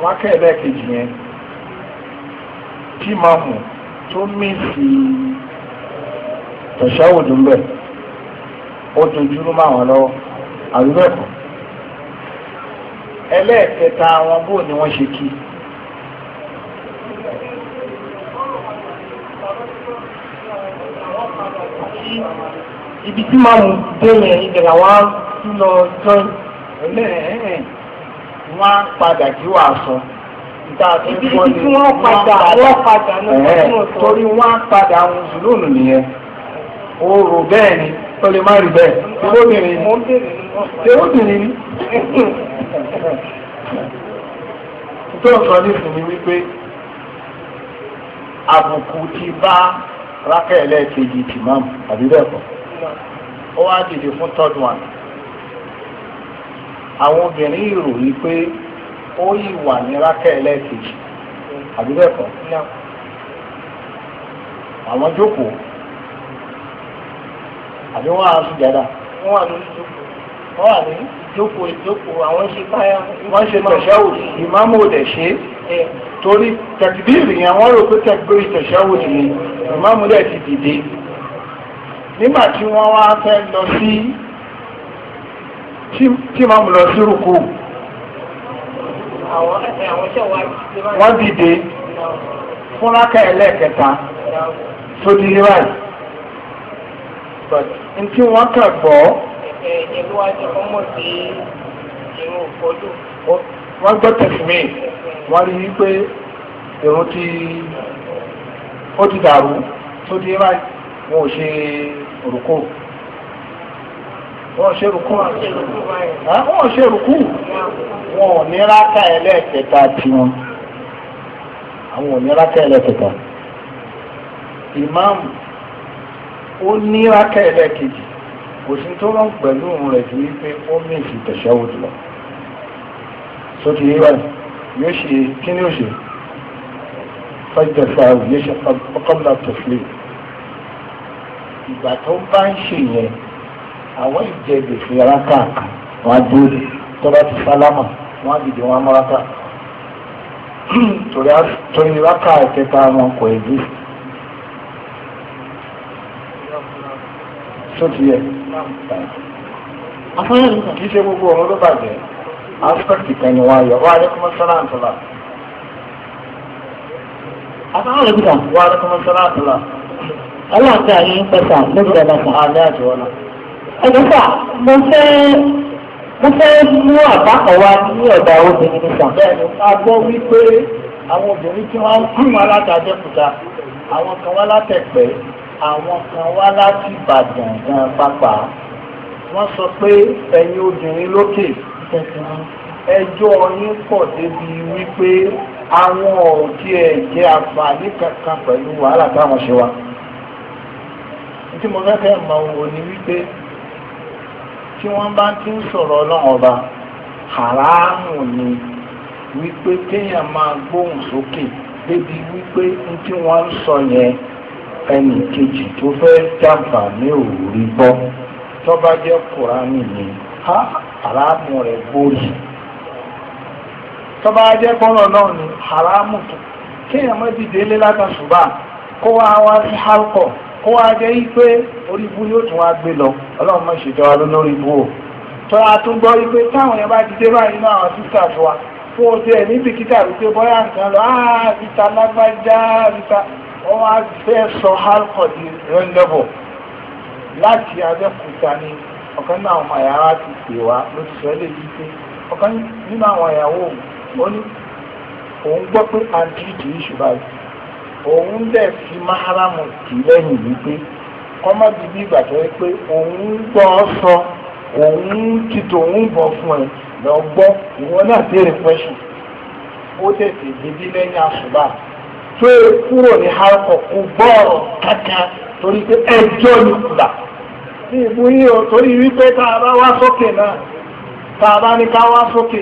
wọ́n á kẹ́ ẹlẹ́ẹ̀kejì yẹn tí máa mú tó mìsì tẹ̀síáwòdù ń bẹ̀ ó dojúrú máa wọn lọ́wọ́ àdúgbò ẹ̀kọ́ ẹlẹ́ẹ̀kẹta wọn bò ní wọ́n ṣe kí. ibi tí máa mú délẹ̀ ìdẹ̀là tún lọ jọ́ ẹlẹ́ẹ̀ẹ́ wọ́n padà kí wàá ibi tí wọ́n padà wọ́n padà náà torí wọ́n á padà àwọn zùlónù nìyẹn o rò bẹ́ẹ̀ ni o lè má rí bẹ́ẹ̀ tẹ́wọ́bìnrin ni tẹ́wọ́bìnrin ni tó sọ nísìnyí wípé àbùkù ti bá rákẹ́ ẹlẹ́ẹ̀kejì tìmáàmù àbí bẹ́ẹ̀ kọ́ ó wá dìde fún third one àwọn obìnrin ìròyìn pé ó yìí wà ní rákẹ́ ẹlẹ́ẹ̀kejì àbí bẹ́ẹ̀ kọ́ àwọn jókòó àbí wọ́n á sùn dáadáa. wọ́n wà lórí jókòó wọ́n wà ní jókòó ìjókòó àwọn ṣe báyà. wọ́n ṣe tẹ̀síáwò ìmáàmù ò dẹ̀ ṣe é torí tẹ̀kíbírì yẹn wọ́n rò pé tẹ̀kíbírì tẹ̀síáwò ni ìmáàmù dẹ̀ ti dìde nígbà tí wọ́n wá fẹ́ lọ sí tí màmú lọ sí rúkú. Eh, wọ́n dìde fúnrákà ẹlẹ́ẹ̀kẹta tó di níwáyé ntí wọ́n kà gbọ́. Eh, eh, wọ́n gbọ́ tẹ̀símì wọ́n rí pé èrò ti ó ti dàrú tó di níwáyé wọn ò ṣe òrùkọ́ wọ́n ṣe rùkú wọ́n ṣe rùkú wọn ò ní rákà ẹlẹ́ẹ̀kẹta tiwọn àwọn ò ní rákà ẹlẹ́ẹ̀kẹta ìmáàmù ó ní rákà ẹlẹ́ẹ̀kejì kò sí tó rán pẹ̀lú rẹ̀ ju wípé ó mìsì tẹ̀síọ́wò jùlọ sókè yíwá yóò ṣe kí ni yóò ṣe fẹ́jẹ̀ fáwọn yóò ṣe ọkọ̀ ńlá tẹ̀sílẹ̀ ìgbà tó bá ń ṣe yẹn. àwọn ìjẹ gbèsè aráka wọn á dúró ti sálámà wọn á wọn á torí ráka ìkẹta wọn gbogbo ọmọ ló bàjẹ́ aspect kan ni yọ wọ́n á lẹ́kọ́ àtọ́lá. àtàwọn olùkọ́ wọ́n á lẹ́kọ́ ẹnìfà mo fẹ́ mo fẹ́ mú àbá kan wá ní ọ̀dà obìnrin nìkan. bẹ́ẹ̀ni a gbọ́ wípé àwọn obìnrin tí wọ́n ń kú wọn látàdékùtà àwọn kan wá látẹ̀pẹ́ àwọn kan wá láti Ìbàdàn gan pápá wọ́n sọ pé ẹ̀yin obìnrin lókè ẹjọ́ yín pọ̀ débi wípé àwọn òkè ẹ̀jẹ̀ àǹfààní kankan pẹ̀lú wàhálà táwọn ṣe wa. tí mo fẹ́ fẹ́ mọ òun wípé. tí wọ́n bá ti ń sọ̀rọ̀ ọlọ́run ọba haramu ni wípé kéèyàn máa gbóhùn sókè débi wípé tí wọ́n ń sọ yẹn kejì tó fẹ́ jàǹfà ní gbọ́ jẹ́ kùránì ni haramu rẹ̀ bóyì jẹ́ náà ni haramu kó wá jẹ́ yí pé yóò tún wá gbé lọ ọlọ́run mọ̀ ṣèjọ wa lórí ibú o tó a tún gbọ́ wípé táwọn yẹn bá ti dé báyìí náà àwọn sísà tó wa fún oṣù ẹ̀ níbi kíkà wípé bọ́yá nǹkan lọ áá ah, vita lágbájá vita wọ́n wá fẹ́ sọ alcohol di rẹ́ńdẹ́bọ̀ láti abẹ́kúta ni ọ̀kan nínú àwọn àyàrá ti pè wá ló ti sọ ẹ́ lè pé ọ̀kan nínú àwọn àyàwó òun ó ní òun gbọ́ pé àǹtí òun dẹ̀ fi máhàrámù tì lẹ́yìn wípé kọ́mọ́ bíbí ìgbà tó yẹ pé òun gbọ́ ọ sọ òun ti tòun bọ̀ fún ẹ lọ gbọ́ ìwọ náà béèrè pẹ́sù ó tètè débí lẹ́yìn àṣùbà tó e kúrò ní harkọ̀ kó gbọ́ọ̀rọ̀ kankan torí pé ẹjọ́ ni kùlà ní ìbú yìí o torí wípé tá a bá wá sókè náà tá a bá ní ká wá sókè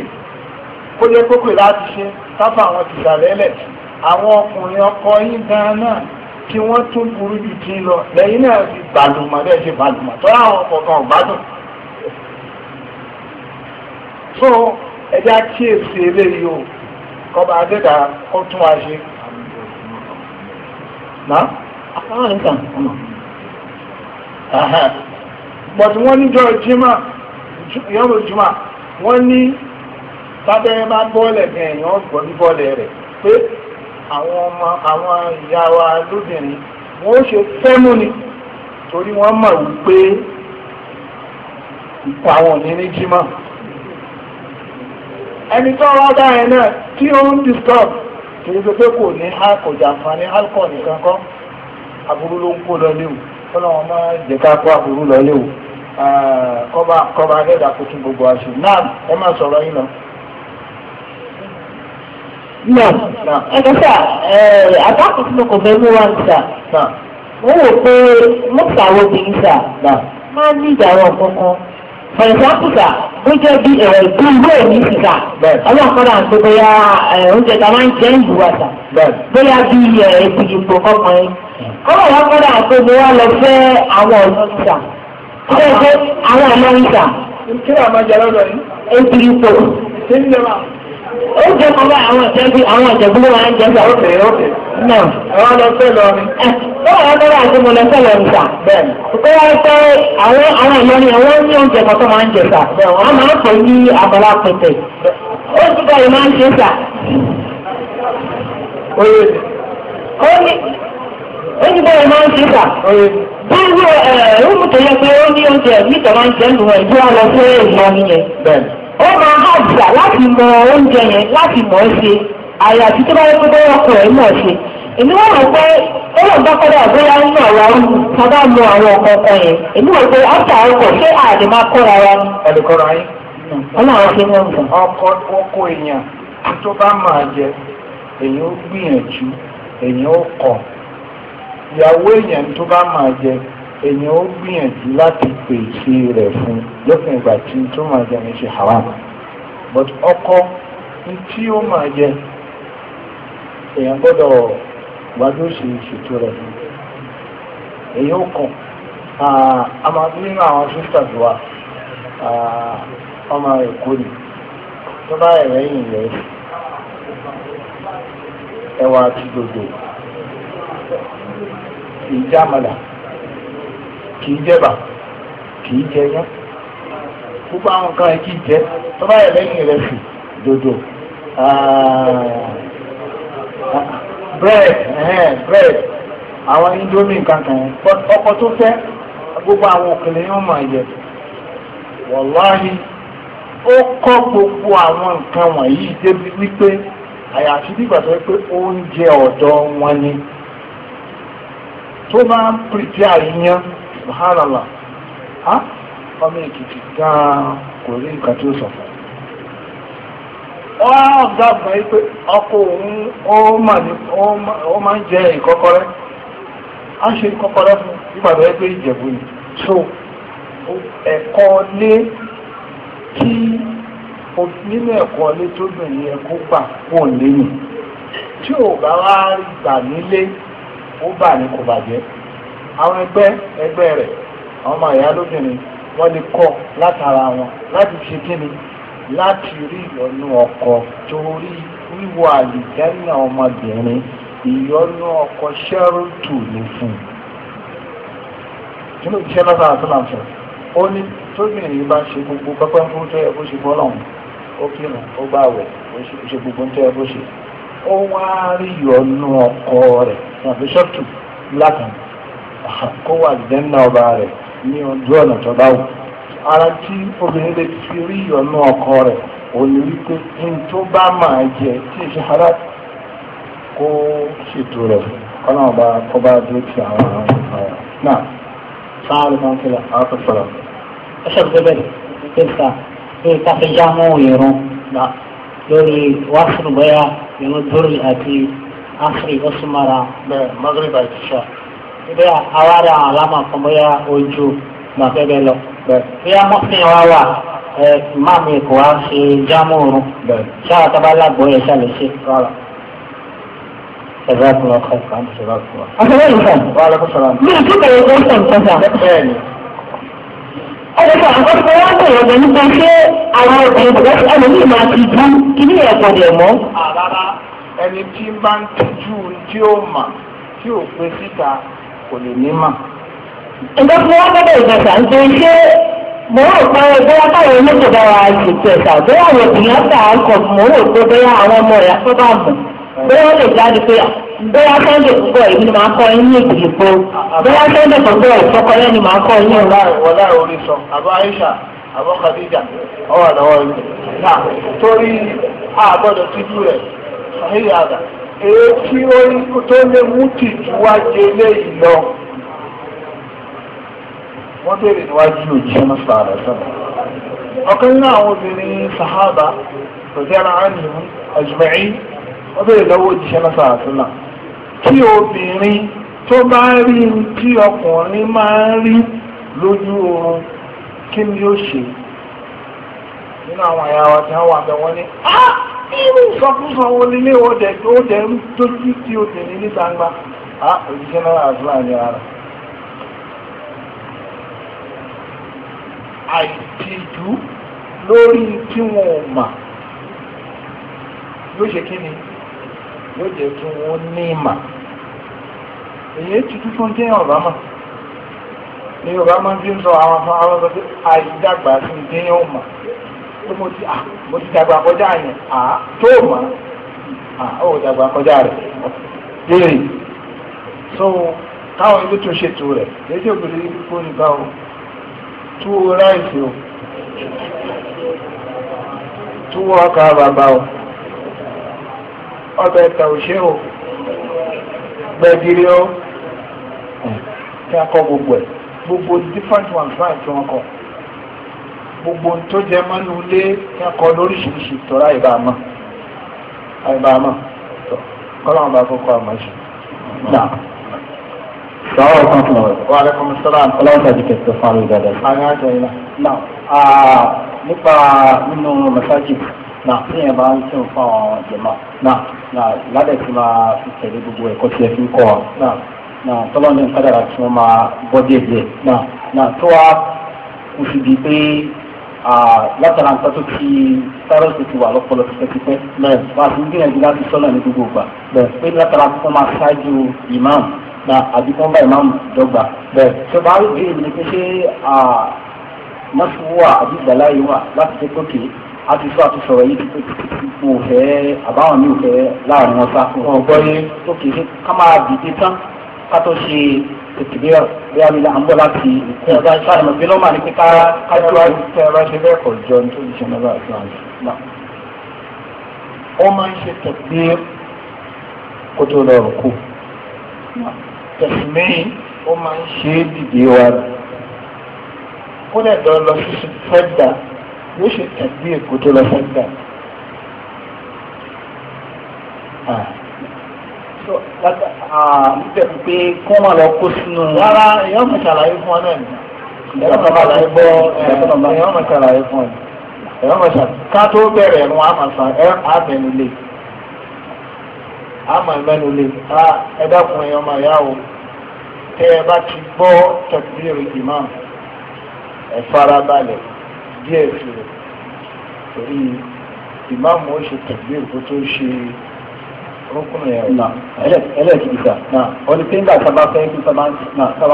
kó jẹ́ kókè láti ṣe ká àwọn tìsàlẹ̀ lẹ̀ sí àwọn ọkùnrin ọkọ yín gan náà kí wọ́n tún burú jù kí lọ lẹ́yìn náà fi gbàdùnmọ̀ bẹ́ẹ̀ ṣe gbàdùnmọ̀ tọ́ àwọn ọkọ̀ kan ò gbádùn. so ẹja kíyèsí eléyìí o kọba adéda kó tún wa ṣe. bọ̀dù wọ́n níjọ́ jimá yọ̀rọ̀ jimá wọ́n ní tábẹ́rẹ́ bá bọ́ọ̀lẹ̀ gan-an yọ̀ ọ́ gbọ́ ní bọ́ọ̀lẹ̀ rẹ̀ pé àwọn ọmọ àwọn ìyá wa lóbìnrin wọ́n ṣe fẹ́mú ni torí wọ́n mọ̀ wípé àwọn òní ní jímọ̀ ẹni tó wá dá ẹ náà tí ó ń disturb kì í ṣe pé kò ní kò jàǹfààní alcohol nìkan kọ́ aburú ló ń kó lọ léwu kọ́lọ́wọ́n máa jẹ́ ká kó aburú lọ léwu kọ́ba kọ́ba akẹ́dàá kó tún gbogbo àṣù náà ẹ má sọ̀rọ̀ yín lọ. náà ẹgbẹ́ sà àbáàkù tí mo kò fẹ́ mú wá ń sà mo wò pé mo wo obìnrin sà máa ní ìdàrọ̀ kankan for example sà ó jẹ́ bí ẹ̀rọ ìgbìmọ̀ òní sì sà ọlọ́ọ̀kan náà tó bóyá oúnjẹ tá máa ń jẹ́ ìlú wa sà bóyá bí ìgbìmọ̀ kọkàn yín kọ́mọ̀ wá kọ́ pé mo wá lọ fẹ́ àwọn ọ̀nà sà ó jẹ́ pé àwọn ọ̀nà sà. kí ni ó jẹ́ mọ́ bá àwọn ìṣẹ́bí àwọn ìṣẹ́bí ló máa ń jẹ́ sọ. ókè ókè. náà àwọn lọ sí lọ ni. ẹ báwo ẹ lọ́wọ́ àti mo lọ sí lọ níta. bẹ́ẹ̀ni. kó wá pé àwọn àwọn ìlọrin àwọn ní oúnjẹ kan tó máa ń jẹ sà. wọ́n máa ń pè ní àbálá pètè. ó ti bá yìí máa ń ṣe sà. ó ní bá yìí máa ń ṣe sà. ẹ̀ ẹ̀ ó mú tó yẹ pé ó ní oúnjẹ ó máa hàn gbà láti mọ oúnjẹ yẹn láti mọ̀ ọ́ ṣe tó bá yẹ pé mọ̀ ṣe èmi wọ́n pé ó lọ bá kọ́dà bóyá bá mọ àwọn ọkọ̀ ọkọ̀ yẹn èmi rò pé áfà ọkọ̀ ṣé máa kọ́ra wa ni. kọ ìyàwó èèyàn tó bá èèyàn ó gbìyànjú láti pèsè rẹ̀ fún lópin ìgbà tí tó máa jẹ ní ṣe haram but ọkọ ní tí ó máa jẹ èèyàn gbọ́dọ̀ wájú ṣe ìṣètò rẹ̀ fún èyí ó kàn a máa bí nínú àwọn sísà tó wà ọmọ èkó ni tó bá ẹ̀rẹ́yìn rẹ̀ ẹwà àti dòdò kìí í jẹba kì í jẹ yẹn gbogbo àwọn nǹkan ẹ kì í jẹ tó bá yẹ lẹ́yìn rẹ sì dodo bread bread àwọn indomie kankan yẹn ọkọ tó fẹ́ gbogbo àwọn òkèlè yẹn máa yẹ wàláhi ó kọ́ gbogbo àwọn nǹkan wọ̀nyí débi wípé àyàfi bí gbàgbọ́ pé oúnjẹ ọ̀dọ́ wọn ni tó máa ń pìtì àríyàn. subhanallah ha ọmọ èkìtì gan-an kò rí nǹkan tí sọ fún un. wọ́n yìí pé ọkọ òun ó máa ń jẹ ìkọ́kọrẹ́ á ṣe fún yìí so ẹ̀kọ́ lé kí nínú ẹ̀kọ́ lé tó bẹ̀rẹ̀ yẹ gbà kó lé tí ò bá wá àwọn ẹgbẹ́ ẹgbẹ́ rẹ̀ àwọn ọmọ ìyá lóbìnrin wọ́n lè kọ́ látara wọn láti ṣe kíni láti rí ìyọnu ọkọ torí wíwọ àlìjáná ọmọbìnrin ìyọnu ọkọ ṣẹ́rùtù ní fún un. kí ló ti ṣe lọ́sàn àti làǹfà ó ní tóbìnrin yìí bá ṣe gbogbo pẹ́pẹ́ fún tó yẹ kó ṣe bọ́ lọ́hùn ó kírun ó bá wẹ̀ ó ṣe gbogbo tó yẹ kó ṣe ó wá rí ìyọnu ọkọ rẹ̀ ṣàfihàn ṣọ́tù látàn kó wà jẹ́nà ọba rẹ̀ ní ojú ọ̀nà tó bá wù. ara tí obìnrin lè fi rí ìyọnú ọkọ rẹ̀ ò ní wípé n tó bá máa jẹ tí ìṣe ara kó ṣètò rẹ̀ kọ́nà ọba kó bá ti àwọn àwọn ọ̀rọ̀ náà sáárì máa ń kí lọ tó sọ̀rọ̀. ẹ ṣàkóso bẹ́ẹ̀ ní ìta ní ìta fi já mọ́ ìrún lórí wàásù bóyá ìrún dúró àti áfírí ó súnmọ́ra. bẹ́ẹ̀ magreba ìtìṣà ìgbé àwárí àwọn alámà kan bóyá ojú màfẹ́bẹ́ lọ. bóyá mọ́sìn wa wà ẹ má mi kò wá ṣe jámù òrun ṣáà tábà lágbo yẹn ṣàlè ṣe rárá. Ṣèbáàkùn ọkọ̀ kan ṣèbáàkùn wa. Àṣẹwé ìfẹ́. Wà á lọ fún sọ̀rọ̀. Mi ò tún bẹ̀rẹ̀ ọgbọ́n sọ̀rọ̀ sọ̀rọ̀. Bẹ́ẹ̀ni. Ọ̀rẹ́ sọ àwọn ọkọ̀ wọn bẹ̀rẹ̀ ọgbọ́n nípa ṣé àwọn obìnrin kò lọ́sí ẹlòmíì máa ti dú kí ní ẹ̀kọ́ dẹ̀ mọ́. Àrárá ẹni tí máa ń tijú tí ó mà tí ò pé síta kò lè ní mà. ǹjẹ́ kí wọ́n gbọ́dọ̀ ìgbàgbà ń ṣe ṣé mo rò pé bóyá káwọn olóko bá wa ṣètò ẹ̀ka bóyá àwọn ènìyàn gbà á kọ̀ mo rò pé bóyá àwọn ọmọ rẹ̀ tó bá mọ̀ bóyá lè jáde pé bóyá sẹ́ńdẹ̀ púpọ̀ èmi ni màá kọ́ ní púpọ̀ màá kọ́ Aisha àbá Khadija ọwọ́ àdáwọ̀ yìí náà torí èyí tí ó tó lè mú tìtú wá jẹ léyìí lọ. wọ́n béèrè níwájú òjíṣẹ́ náà sàrẹ̀ sọ́nà. ọ̀kan nínú àwọn obìnrin sàhábà tòdí ara ànì wọ́n béèrè lọ́wọ́ òjíṣẹ́ náà sọ́nà. kí obìnrin tó bá rí tí ọkùnrin máa rí lójú kí ni ó ṣe nínú àwọn tí wọ́n wà bẹ́ẹ̀ wọ́n ní. irú ìsọfúnṣọ wo nílé de dẹ̀ tó dẹ̀ ń tójú tí ó tẹ̀lé ní gbangba á òṣìṣẹ́ náà àdúrà ní ara. àìtìjú lórí tí wọn ò mà yóò ṣe kí ni yóò jẹ́ kí ní ìmà èyí tuntun fún jẹ́ ní fi ń sọ àwọn afọ àwọn àìdàgbà pé mo ti ah, mo ti dàgbà kọjá yẹn ah, tó mọ ah, ó dàgbà kọjá rẹ léèrè so káwọn ilé tó ṣètò rẹ lédè òbèrè kó ní bá o tú ráìsì o tú ọkà bàbá o ọbẹ̀ tàwùṣe o gbẹ̀gìrì o kí a kọ gbogbo ẹ̀ gbogbo different ones right tí wọ́n kọ. gbogbo tó jẹ mọ́nú ilé ẹ̀kọ́ lóríṣiríṣi tọ́ra ìbámọ́ ìbámọ́ kọ́lọ́mù bá kọ́kọ́ àmọ́ ṣe. Sọ́wọ́ ọ̀kan fún ọ̀rẹ́. Wa alaikum salaam. Ọlọ́run tàbí kẹ̀kẹ́ fún àwọn ìgbàdàn. Àwọn àjọ ìlà. Náà nípa nínú mẹ́sáàgì náà tí yẹn bá ń sìn fún àwọn jẹ̀mà náà náà ládẹ̀ tí máa fi tẹ̀lé gbogbo ẹ̀kọ́ tí ẹ fi ń kọ́ wa náà náà tọ́lọ́ kádàrà tí wọ́n máa bọ́ díẹ̀ díẹ̀ náà tó wá kù síbi pé látara nǹkan tó ti sáré tó ti wà lọ́pọ̀lọ́ tipẹ́tipẹ́ wà á tún gbìyànjú láti sọ́nà ní gbogbo ìgbà pé látara kó máa ṣáájú ìmáàmù na àbí kó ń bá ìmáàmù dọ́gba. tó bá rí bí èmi pé ṣé mọ́ṣúwà àbí ìgbàláyé wà láti ṣe kókè a ti sọ àti sọ̀rọ̀ yìí pé mo fẹ́ àbáwọn mi ò fẹ́ láàrin wọn ọ̀gbọ́n yẹn tó kè ká máa dìde tán ká tó ṣe ìkìlíọ̀ bí wọ́n nílẹ̀ à ń bọ̀ láti ìkún ọ̀dà ìṣáàlẹ̀ mọ̀ pé lọ́mà ní pípa kájú wa. tẹ ẹ bá ṣe bẹ́ẹ̀ kọ̀ jọ ní tó ti ṣe ní ọba àti àná. ó máa ń ṣe tẹ̀gbé kó tó lọ rò kú. tẹ̀sìmí ó máa ń ṣe dìde wa. ó lẹ̀ lọ sí fẹ́dà yóò ṣe tẹ̀gbé kó tó lọ fẹ́dà. Uh, pé kí wọ́n máa lọ kó sínú. rárá èèyàn mọ̀ ṣàlàyé fún ọ náà ni. èèyàn mọ̀ ṣàlàyé gbọ́ èèyàn mọ̀ ṣàlàyé fún ọ ni. èèyàn mọ̀ ṣàlàyé ká tó bẹ̀rẹ̀ ẹ̀rùn àmàṣà ẹ̀ àmẹ́nulé àmàmẹ́nulé ẹ dákun èèyàn máa yá o tẹ́ ẹ bá ti gbọ́ tẹ̀kùbírì ìmáà ẹ farabalẹ̀ díẹ̀ sí rẹ̀ torí ìmáàmù ó ṣe tẹ̀kùbírì kó tó ṣe é na ẹlẹ́ẹ̀kejì sà ọdún tí nígbà sábà fẹ́ kí sábà ń to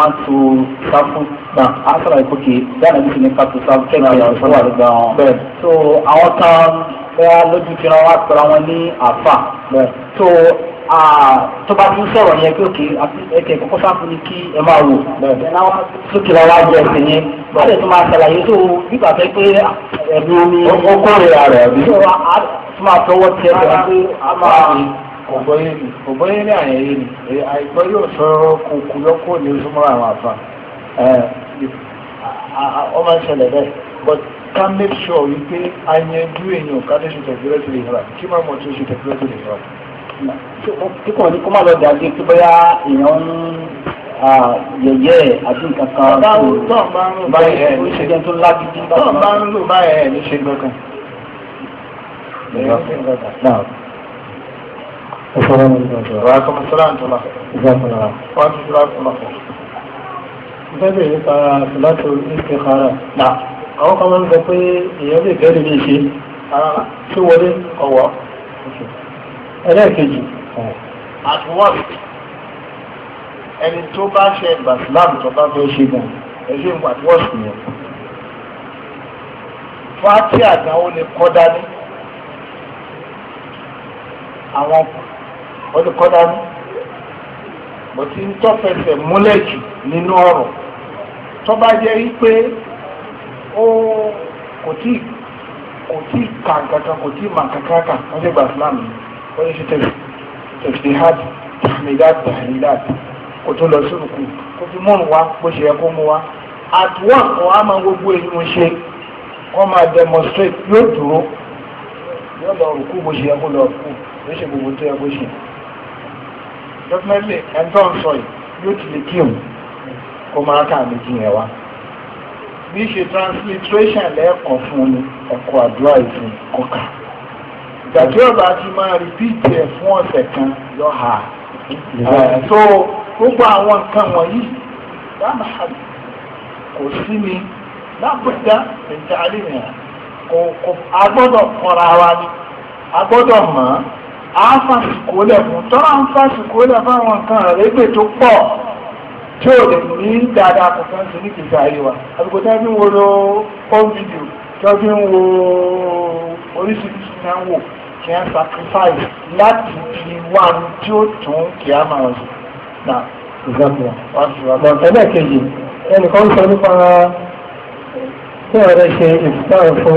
sáfù á sọ̀rọ̀ ìkókè dáná bí sinmi ká to sáfù kẹ́kẹ́ ọ̀sán wà lọ́gbà wọn. so àwọn kan bẹ́ẹ̀ lójú kíra wá pẹ̀lú àwọn ní àfà so tó bá tún sọ̀rọ̀ yẹn pé òkè ẹ̀kẹ́ kọ́kọ́ sáfù ni kí ẹ máa wò ẹ̀ná sókè ra wá jẹ ẹsẹ̀ yẹn wọ́n lè tún máa ṣàlàyé tó nígbà fẹ́ pé ẹ̀mí omi ọkọ̀ rẹ̀ rẹ̀ bí. tó máa tọwọ́ tẹ ẹ̀ pé a máa ọ̀gbọ́yé ni ọ̀gbọ́yé ní àyẹ̀yé ni àìgbọ́ yóò sọ̀rọ̀ kòkù lọ́kọ́ ní súnmọ́ àwọn àfa ọmọ ìṣẹ̀lẹ̀ bẹ́ẹ̀ but ká make sure wípé a yanjú èèyàn ká tó ṣe tẹ̀síwájú tó lè yọra kí máa mọ̀ tó ṣe tẹ̀síwájú tó lè yọra. kíkọ̀ ní kó má lọ dàbí pé bóyá èèyàn ń yẹ̀yẹ́ àti nǹkan kan tó bá ń ṣe jẹun tó lágídí. tó bá ń lò báyẹn ní ṣe gbọ́kàn. Wàhálà sọ́lá ń tọ́lá. Wọ́n ti sọ́lá ń tọ́lá. Bẹ́ẹ̀ ni para Sọ́látò Ìṣèkára. Nà àwọn kan máa ń sọ pé èèyàn lè bẹ́ẹ̀ lè ṣe ara tí wọlé ọ̀wọ́. Ẹlẹ́ẹ̀kejì. At once ẹni tó bá ṣe Bàsílám tó bá fẹ́ ṣe gan ẹṣin at once nìyẹn. Fátíà gan ó lè kọ́ dání. Àwọn wọ́n ti kọ́ dání mo ti ń tọ́fẹsẹ̀ múlẹ̀ jù nínú ọ̀rọ̀ tó bá jẹ́ wípé ó kò tí kò tí kà kankan kò tí mà kankan kan wọ́n ti gba islam wọ́n ti ṣe tẹ̀sí hajj tahmidat tahmidat kò tó lọ sórùkù kò fi mọ́nu wá bó ṣe yẹ kó mú wá at once kò á máa gbogbo èyí mo ṣe kó máa demonstrate yóò dúró yóò lọ rùkú bó ṣe yẹ kó lọ rùkú yóò ṣe gbogbo tó yẹ kó ṣe definitely ẹ̀ńtọ́ ń sọ yìí yóò ti lè kí òun kó máa kà mí kí yẹn wá bí ṣe transliteration lẹ́ẹ̀kan fún ni ẹ̀kọ́ àdúrà ìfún kọ́kà ìgbà tí ọba ti máa repeat ẹ̀ fún ọ̀sẹ̀ kan yọ ha so gbogbo àwọn nǹkan wọ̀nyí dáná kò sí mi lápẹ̀dá ìjà àríyàn kò a gbọ́dọ̀ kọ́ra wa ni a gbọ́dọ̀ á fàṣìkò fún tọ́lá ń fàṣìkò fáwọn nǹkan àrégbè tó pọ̀ tí ò lè ní dáadáa kankan sí ní kìkà ayé wa àbíkò tí wọ́n fi home video tí wọ́n fi ń wo kí wọ́n sacrifice láti fi wá ohun tí ó tún kí á máa sùn náà. ìgbàgbọ́ ọ̀tẹ́lẹ̀ kejì ẹnìkan sọ nípa tí ọ̀rẹ́ ṣe ìfúnpá fún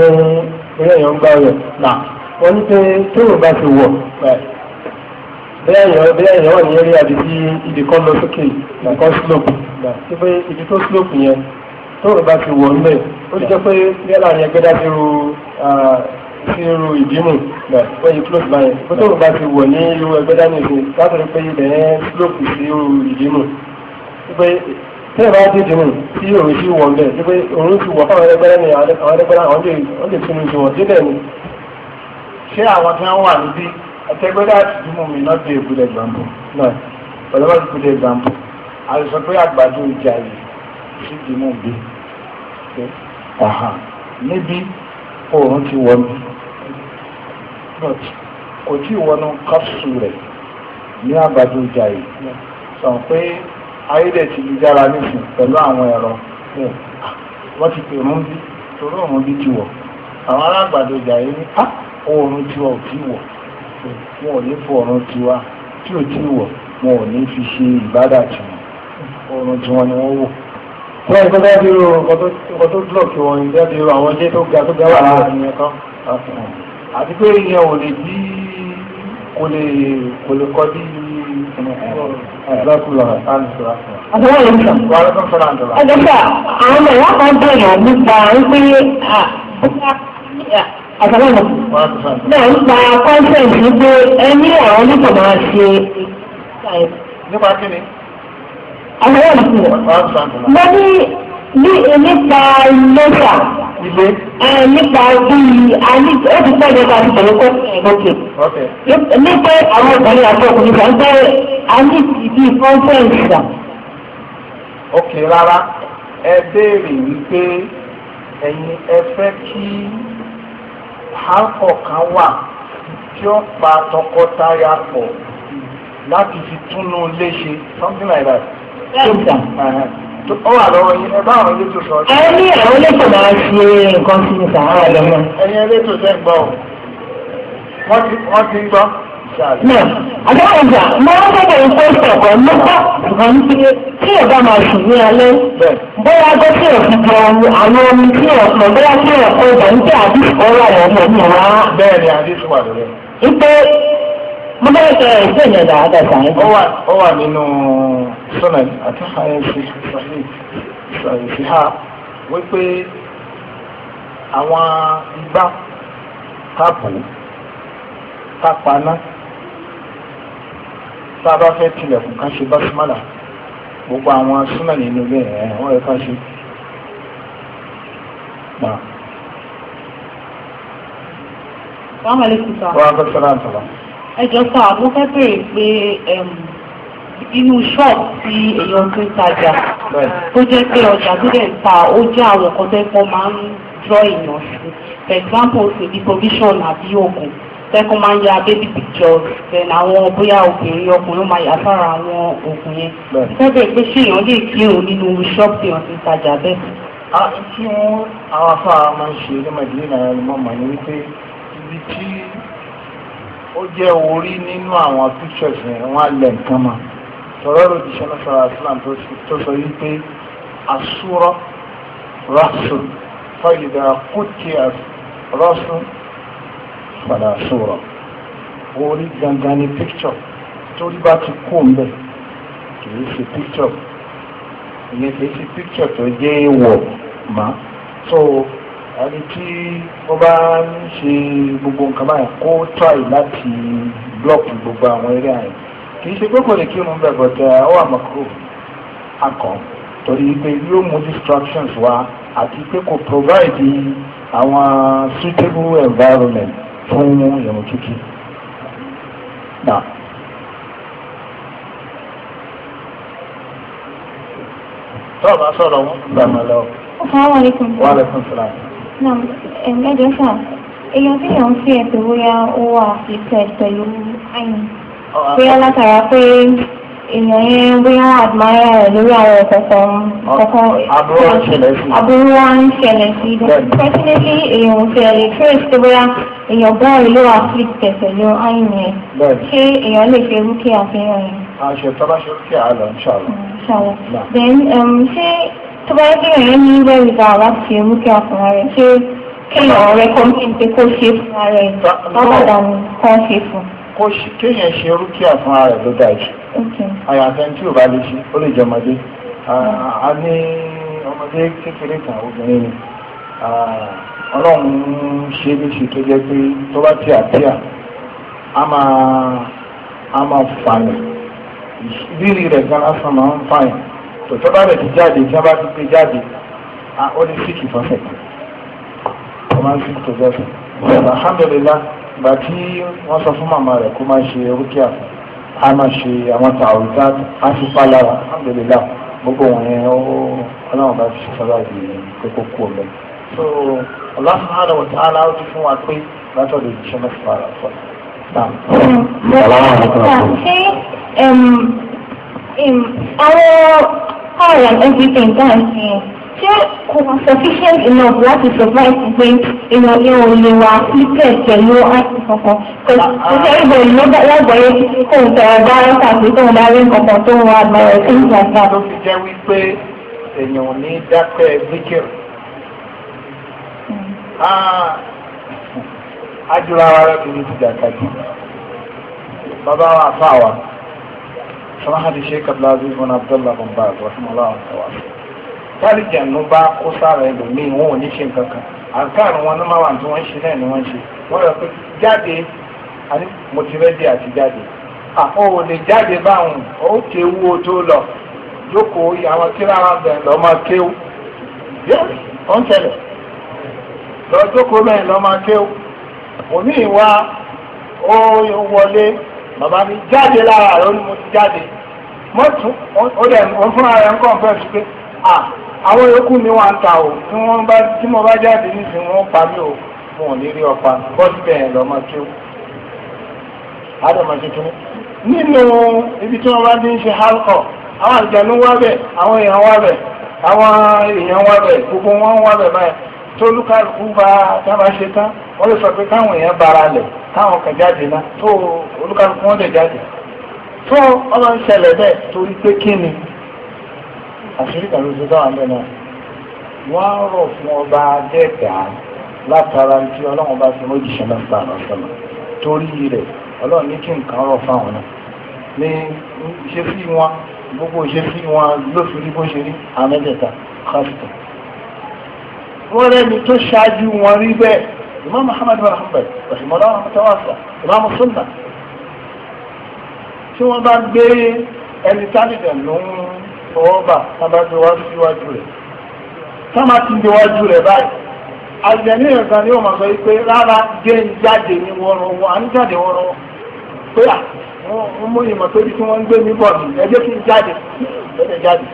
ilé ìyọ̀ngbà rẹ̀ náà wọ́n ní pé tóun bá ti wọ̀ bẹ́ẹ̀ yẹn bẹ́ẹ̀ yẹn wà ní eré àbí tí ibì kan lọ sókè nǹkan slope tí pé ibi tó slope yẹn tóun bá ti wọ̀ ńbẹ̀ ó ti jẹ́ pé bí ẹ̀là yẹn gbẹ́dá ti ru sí irú ìdímù wọ́n yí close by bó tóun bá ti wọ̀ ní irú ẹgbẹ́dá ní ìsìn látọ̀rí pé ibẹ̀ yẹn slope sí irú ìdímù tí pé tí ẹ bá dé dìmú tí òun ti wọ̀ ńbẹ̀ tí pé òun ti wọ̀ fáwọn ẹgbẹ́dá ní àwọn ẹgbẹ́dá àwọn lè ṣé àwọn tí wọ́n wà níbí ẹ̀tẹ́gbẹ́dá àtijọ́ mi náà dé ìbúdẹ̀ gbàmbó náà ọ̀lọ́wọ́ ìbúdẹ̀ gbàmbó àlùsọ pé àgbàdo ìjà yìí sí dìímù bí níbi oòrùn ti wọnú kò tí ì wọnú kọ́pùsù rẹ̀ ní àgbàdo ìjà yìí sọ pé ayédè ti di dára nísìn pẹ̀lú àwọn ẹ̀rọ wọ́n ti pè rún bí torí òun bí ti wọ̀ àwọn alágbàdo ìjà yìí ní ah! oòrùn tí wọn ò tí wọ̀ wọn ò ní fọ oòrùn tiwa tí ò tí wọ̀ wọn ò ní fi ṣe ìbádà tí wọn oòrùn tí wọn ni wọ́n wọ̀. wọ́n ẹ̀kọ́ bá dúró ọkọ̀ tó blọọ̀kì wọn ìjọba dúró àwọn ilé tó ga tó ga wà láàrin ìyẹn kan àti pé ìyẹn ò lè dí kò lè kò lè kọ́ bí àwọn ọmọ ìyá kan bẹ̀rẹ̀ nípa wípé àtàlọ́nà náà ń pa kọ́ńtẹ̀ǹtì pé ẹni àwọn nípa máa ṣe. nípa kí ni. àtàlọ́nà fún wọn. mo ní ní eh, nípa lẹ́tà eh, nípa bíi àní ó ti pẹ́ nípa ti tẹ̀lé kó lókè. nípa àwọn obìnrin àti ọkùnrin kan pé a ní ìdí kọ́ńtẹ̀ǹtì rà. òkè rárá ẹ béèrè wípé ẹ̀yin ẹ fẹ́ kí halkọ̀ kan wà tí ó pa tọkọtaya pọ̀ láti fi túnú léṣe something like that. ó wà lọ́wọ́ yín ẹ bá àwọn elétò sọ. ẹ ní àwọn elétò máa ṣe nǹkan sí ní sàárà lọ́mọ. ẹ̀yin elétò tẹ́ ń gbọ́ wọ́n ti ń gbọ́ náà àgbàlagbà máa ń bẹ̀rẹ̀ ìfẹ́ ìfẹ̀kọ́ nípa ìwọ̀n pé tí ọ̀gá máa sùn ní alẹ́ bóyá gbé tí ẹ̀ fi jọ àwọn omi tí ẹ̀ pọ̀ tí ẹ̀ pọ̀ ìgbà nígbà àbí ìfọwọ́ àwọn ọmọ mi wá. bẹ́ẹ̀ ni wà lórí. ipe mo bẹ́ẹ̀ sọ ẹ̀gbẹ́ yẹn dà ádà sàn. ó wà nínú sọ́nà àti sáyẹ́nsì ha wípé àwọn igbá kápò tá a bá fẹ́ tilẹ̀kùn kan ṣe básímọ́là gbogbo àwọn súnà nínú ilé ẹ̀ wọ́n yẹ ká ṣe. Wàhálà ikú sá. Wàhálà ikú sá sọ̀rọ̀. Ẹ jọ sá, mo fẹ́ bèrè pé inú ṣọ́ọ̀bù tí èèyàn tó ń tajà tó jẹ́ pé ọjà tó dẹ̀ ń ta ó jẹ́ àwọn kan tó ń pọ̀ máa ń draw èèyàn sí. For example, ṣèbí provision àbí oògùn second máa ń ya baby pictures then àwọn bóyá obìnrin ọkùnrin máa yà sára àwọn oògùn yẹn sẹ́bẹ̀ pé ṣé èèyàn lè kírun nínú ṣọ́ọ̀bù tí wọ́n ti ń tajà bẹ́ẹ̀. a ah, tí wọn àwọn afá máa ń ṣe ní madina ni wọn mọ ní wípé ibi tí ó jẹ́ orí nínú àwọn pictures yẹn wọ́n á lẹ nǹkan mọ́ tọ́lọ́ ló ti ṣe ní sọ̀rọ̀ islam tó sọ wípé asúrọ̀ rọ́ṣù fọ́yìdà kùtì rọ́ṣù padà sọ̀rọ̀ orí gangan ni picture torí bá ti kú mbẹ kìí ṣe picture ìyẹn kìí ṣe picture tó jẹ́ ìwọ̀ mà so ẹni tí wọ́n bá ń ṣe gbogbo nǹkan báyìí kó try láti block gbogbo àwọn eré àyè kìí ṣe pé kò lè kírun bẹ́ẹ̀ but ọ uh, wà mọ̀kúrò akọ torí pé yóò mú distractions wá àti pé kò provide àwọn suitable environment fún ìrùn kíkí. Tọ́ọ̀bù sọ̀rọ̀ wọn gbà máa lọ. Assalamu alaikum. Wa alaikum salam. Ẹ̀ẹ́dẹ̀ sà, èèyàn tí yàn ń fi ẹ̀tọ́ bóyá ó wà fi pẹ̀lú àyìn. Bóyá látara pé èèyàn yẹn bí wọ́n admire rẹ̀ lórí àwọn ọ̀kọ̀ọ̀kan kọ̀ọ̀kan aburú wa ń ṣẹlẹ̀ sí i definitely èèyàn ò fẹ́ lè trace tó bóyá èèyàn báyìí ló wà flip tẹ̀sẹ̀ ló áyìn yẹn ṣé èèyàn lè fi rúkì àfihàn yẹn. àṣẹ tó bá ṣe rúkì àlọ inshallah. inshallah then um, ṣé tó bá yẹ kí èèyàn ní wẹ́ẹ̀rì gbà láti rúkì àfihàn rẹ̀ ṣé kéèyàn recommend pé kó ṣe fún ara ẹ̀ lọ́gbàdàn kan ṣe fún. kéèyàn ṣe rúkì àfihàn rẹ̀ ló dájú. àyàfẹ́ tí ò bá lè ṣe ó lè jẹ ọmọdé a ní ọmọdé kékeré kan obìnrin ni ọlọ́run ṣe é léṣe tó jẹ́ pé tó bá ti àbíà a máa a máa fààyàn rírì rẹ̀ gan lásán máa ń fààyàn tòtọ́ bá rẹ̀ ti jáde tí wọ́n bá ti gbé jáde ó ní síkì fọ́fẹ̀ ó máa ń síkì tó fẹ́ fún un alhamdulilah wọ́n sọ fún màmá rẹ̀ a máa ṣe àwọn tààwí tá a ti pa lára alhamdulillah gbogbo wọn yẹn ó ọlọ́run bá ti sọ́dọ̀ di kókó kú ọ̀lẹ́. so Allah subhanahu wa ta'ala ó ti fún wa pé látọ̀dọ̀ ìṣẹ́ mẹ́fà rà fún wa. ṣé àwọn all and everything tá à ń ṣe ṣé kò wá sufficient enough láti survive pé èèyàn yẹn ò lè wà afflicted pẹ̀lú àìsàn kankan kò sí ah, ah. everybody ló lágbàáyé kó n tẹ̀rọ bá rẹ́pà pé kó n bá rí nǹkan tó ń wá àgbàrá ẹ̀ things like that. ló fi jẹ́ wípé èèyàn ò ní dákẹ́ zikir. ájúra hmm. ah. ara kì í dìjà kájú bàbá wa àfa wa sọ́nà àti sheikh abdulaziz bin abdullahi bin baz rahimahullah wa ta'ala tálíjànú bá kó sára ẹlòmíì wọn ò ní ṣe nǹkan kan àǹkáàrù wọn ló máa wà tí wọ́n ń ṣe náà ni wọ́n ń ṣe wọ́n rẹ̀ pé jáde mo ti rẹ́dí àti jáde àpò ò lè jáde báwọn ó kéwu o tó lọ jókòó àwọn kílára bẹ̀rẹ̀ lọ́ máa kéwu yóò ó ń tẹ̀lẹ̀ lọ jókòó bẹ́ẹ̀ lọ́ máa kéwu òní ìwà ó wọlé bàbá mi jáde lára rẹ̀ ó ní mo ti jáde mọ́tò ó dẹ̀ fúnra rẹ̀ ń kọ́ fẹ́ẹ́ fi pé àwọn yòókù ni wà ta o tí bá tí mo bá jáde nísìnyí wọ́n pa mí o mo ò ní rí ọ̀pá bẹ́ẹ̀ lọ́mọ ó tuntun nínú ibi tí wọ́n bá ti ń ṣe hálkọ̀ àwọn àjànú wá àwọn èèyàn wá àwọn èèyàn wá gbogbo wọn wá báyìí tólúkàlùkù bá ṣe tán lè sọ pé káwọn èèyàn bara le káwọn kan jáde náà tó olúkàlùkù wọn lè jáde tó ọmọ ṣẹlẹ̀ bẹ́ẹ̀ torí pé àṣírí kan ló ṣe dáhùn bẹ́ẹ̀ náà wọ́n á rọ̀ fún ọba dẹ́ẹ̀dá látara tí ọlọ́run bá fi mójì ṣe náà sàrọ̀ sọ̀nà torí rẹ̀ ọlọ́run ní kí nǹkan rọ̀ fáwọn náà ní ṣe fi wọn gbogbo ṣe fi wọn ló fi rí bó ṣe rí àmẹ́tẹ̀ẹ̀ta kásìtà. wọ́n rẹ́ni tó ṣáájú wọn rí bẹ́ẹ̀ Imam Muhammad bin Hanbal rahimahullah rahmatawasa Imam tí wọ́n bá gbé ẹni tálídẹ̀ lóhun ọwọ́ bà tábà ti wá síwájú rẹ̀ tábà bai ń déwájú ni ó máa sọ pé rárá jẹ́ ń jáde ní wọ́rọ̀ mi n jáde ẹ jẹ́ jáde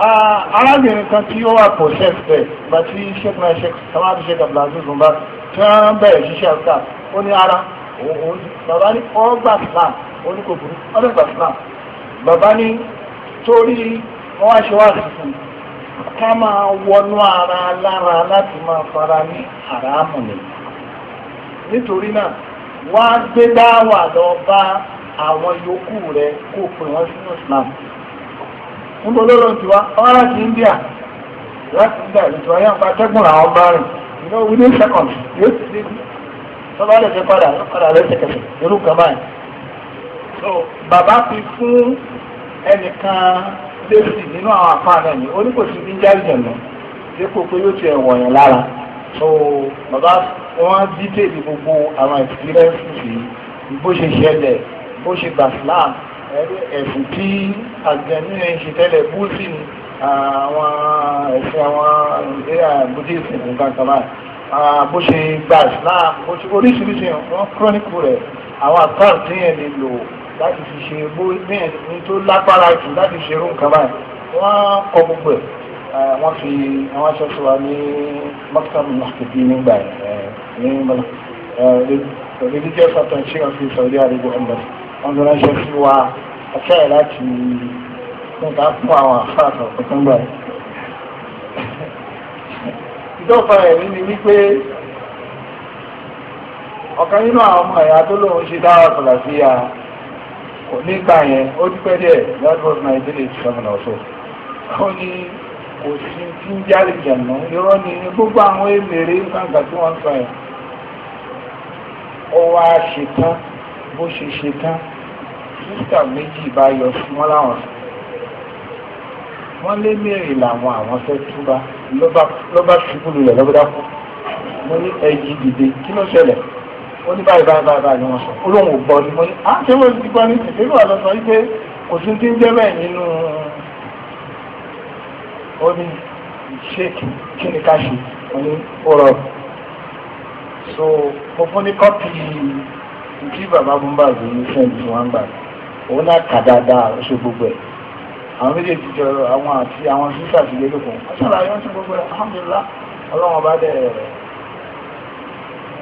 a máa kan tí ó wà gba ti ṣẹ́ẹ̀kì náà ṣẹ́ẹ̀kì sábàbí abdulaziz nbà tí wọ́n bẹ̀rẹ̀ ara bàbá ní torí wọ́n aṣọ àtìkù ká máa wọnú ara lára láti máa fara ní àràámù ni nítorí náà wá gbé dáwà lọ bá àwọn yòókù rẹ kó pè wọ́n sínú Islam níbo ló lọ tiwa ọ̀rọ̀ láti India láti India ló tiwa yẹn pa tẹ́gùn àwọn bá rìn you know within seconds yóò ti dé tọ́ba lè ṣe padà padà lẹ́sẹ̀kẹsẹ̀ irú kan báyìí bàbá fi fún ẹnìkan lẹ́sì nínú àwọn àpáàdà yìí ó ní kò sí níjà ìjẹ̀nà dípò pé yóò ti ẹ̀wọ̀n yẹn lára so bàbá wọn dítèlì gbogbo àwọn experience yìí bó ṣe ṣẹlẹ̀ bó ṣe gbà slam ẹ̀sùn tí àgbẹ̀mí ẹ̀ ń ṣe tẹ́lẹ̀ búùsì ni àwọn ẹ̀sìn àwọn eh, buddhist nǹkan kan báyìí bó ṣe gbà slam oríṣiríṣi wọn chronicle rẹ̀ àwọn àkáǹtì yẹn lè lò láti fi ṣe bó bẹ́ẹ̀ tó lágbára jù láti ṣe irú nǹkan báyìí wọ́n kọ gbogbo ẹ̀ wọ́n fi àwọn aṣọ tó wà ní mọ́tàmù làkìtì nígbà ní religious attention of the Saudi Arabia embassy wọ́n fi ránṣẹ́ sí wa ọ̀kẹ́ láti nípa fún àwọn àfáàtọ̀ ọ̀kan gbà yìí. ìjọba ẹ̀rí ni wípé ọ̀kan nínú àwọn ọmọ ẹ̀yà tó lóun ṣe dára pàlàsíyà nígbà yẹn ó dúpẹ́ díẹ̀ that was my village governor so ó ní kò sí tí ń jáde jẹ̀nà irọ́ ni gbogbo àwọn èmèrè gbàgbà tí wọ́n sọ yẹn ó wá ṣetán bó ṣe ṣetán sísítà méjì bá yọ sí wọn láwọn sọ wọ́n lé mẹ́rin làwọn àwọn fẹ́ túbá ló ṣubú lulẹ̀ lọ́gbọ́dá kú wọ́n ní ẹ̀yìn dìde kí ló ṣẹlẹ̀ ó ní báyìí báyìí báyìí báyìí wọn sọ olóhùn ò gbọ́ ni mo ní à ah, ṣé wọ́n ti gbọ́ ní ìṣèlú àlọ́sọ yìí pé kò sí ti ń jẹ́ bẹ́ẹ̀ nínú ó ní ṣé kí ni ká ṣe mo ní ó rọ so mo fún ní kọ́pì tí bàbá bùnbà bí ní sẹ́ǹtì wọn gbà òun náà kà dáadáa ó ṣe gbogbo ẹ̀ àwọn méjèèjì jọ àwọn àti àwọn sísà sílé lókun ọ̀ṣọ́ra yẹn ti gbogbo ẹ̀ ọlọ́run ọba dẹ̀ rẹ̀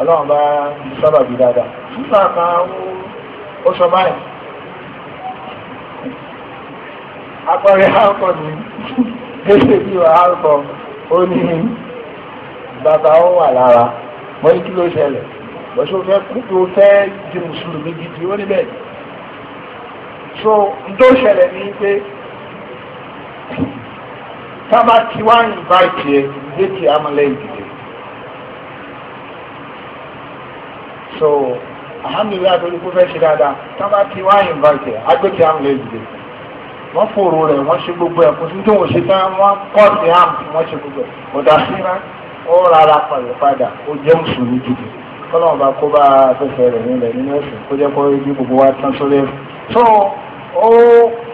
ọlọ́run bá sábà bí dáadáa nígbà kan ó sọ báyìí apẹ̀rẹ̀ àkọ́ ni gẹ́gẹ́ bí wàá àkọ́ ó ní bàbá ó wà lára wọ́n ní kí ló ṣẹlẹ̀ bọ́sọ̀ fẹ́ kú fẹ́ di mùsùlùmí gidi ó níbẹ̀ so n tó ṣẹlẹ̀ ní pé tábà tí wàá yìnbá tiẹ̀ déètì amọ̀lẹ́yìn. so alhamdulilayi àtọ́jú kó fẹ́ ṣe dáadáa tán bá ti wá invite ẹ̀ agbèkè am lè dìde wọ́n fòrò rẹ̀ wọ́n ṣe gbogbo ẹ̀ kò sí tó wọ́n ṣe tán wọ́n kọ́ sí am wọ́n ṣe gbogbo ẹ̀ ọ̀dà síra ó rárá pàlẹ́ padà ó jẹ́ mùsùlùmí gidi kó bá fẹsẹ̀ rẹ̀ nílẹ̀ nínú ẹ̀sìn kó jẹ́ gbogbo wa tán sórí so ó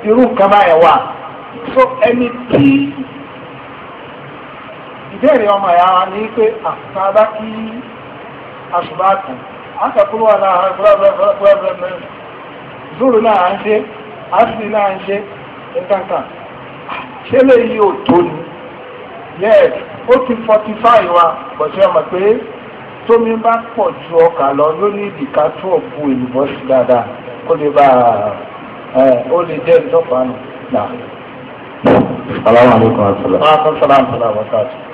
irú nǹkan báyẹn so ẹni tí ìbéèrè ọmọ ní pé àtàbá ah, kí à ń sàkúrò wà náà fúláfúláfúláfúláfúlá zúrù náà à ń ṣe àṣìlì náà ń ṣe nǹkankan ṣé léyìí ò tó ni yes ó ti forty five wa bọ̀ṣẹ́ ọmọ pé tómi bá pọ̀ ju ọkà lọ ló ní ìdìka tó ọ̀bù èlùbọ́ sí dáadáa ó lè bá ó lè jẹ́ ìjọba nù. Salaamaleykum wa rahmatulah. Wa rahmatulah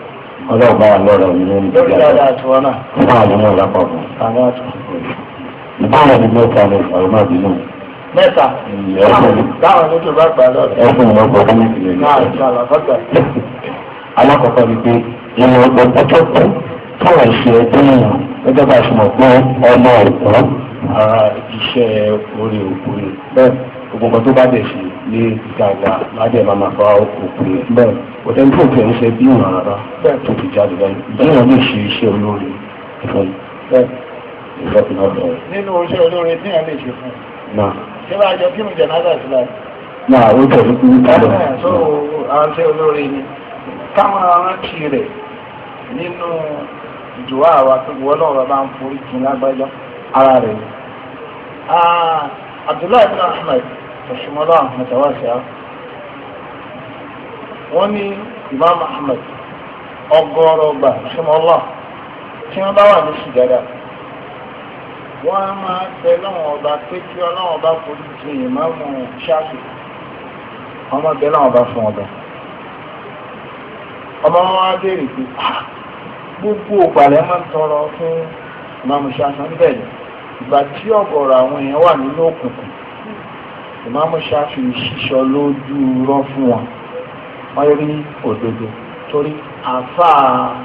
ọlọ́ọ̀bá wa lọ́rọ̀ ní lórí ìgbàlódé àwọn àwọn ọ̀la pàpọ̀. ìbára ni mẹ́ta ni ọ̀rọ̀ náà bínú. mẹ́ta táwọn ní tó bá gbà lọ́rọ̀. ẹ̀sùn ìwọ̀n gbọ́ fún ìpìlẹ̀ yìí. alákọ̀ọ́kọ́ ni pé ìwọ̀n ọgbọ́n ọjọ́ pẹ́ táwọn ìṣe ẹgbẹ́ èèyàn gẹ́gẹ́ bá a ṣe mọ̀ pé ọmọ ọ̀gbọ́n. ara iṣẹ́ orí òkú rẹ̀ bẹ́ẹ̀ gbogbo nǹkan tó bá dẹ̀ ṣe ní gbàgbà ládẹ́ máa máa fa òkùnkùn yẹn. bẹ́ẹ̀ kò tẹ́ nípò tẹ̀ ń ṣe bí ìwọ̀n rárá bẹ́ẹ̀ tó fi jáde lẹ́yìn bẹ́ẹ̀ wọ́n lè ṣe iṣẹ́ olóore fún un bẹ́ẹ̀ ìfọ́tí náà bẹ̀rẹ̀. nínú iṣẹ́ olóore tí yẹn lè ṣe fún un. ṣé wàá jọ kí mo jẹ̀ náà láti láti. náà ó tẹ̀lé kí wọ́n tẹ̀lé. so àwọn iṣẹ́ olóore ni táwọn arántí rẹ̀ nínú ìdùwà àwa tó wọ́n lọ́wọ́ bá ń forí jìn lágbájá ara rẹ̀ ni. Ah, Abdullahi bin Ahmed rahimahullah àwọn àtàwàṣà wọ́n ní imam ahmed ọgọ́rọ̀ gbà rahimahullah tí wọ́n bá wà ní sùgádà wọ́n á máa bẹ lọ́wọ́n ọba pé kí ọlọ́wọ́n ọba forí ju ìmáàmù ṣáàfì wọ́n máa bẹ lọ́wọ́n ọba fún ọba ọmọ wọn á béèrè pé ah, gbogbo ògbàlẹ̀ máa ń tọrọ fún ìmáàmù ṣáàfì wọn ìgbà tí ọ̀gọ̀rọ̀ àwọn èèyàn wà nínú òkùnkùn ìmáàmù ṣáfi ṣíṣọ lójú rán fún wọn wọ́n rí òdodo torí àfáà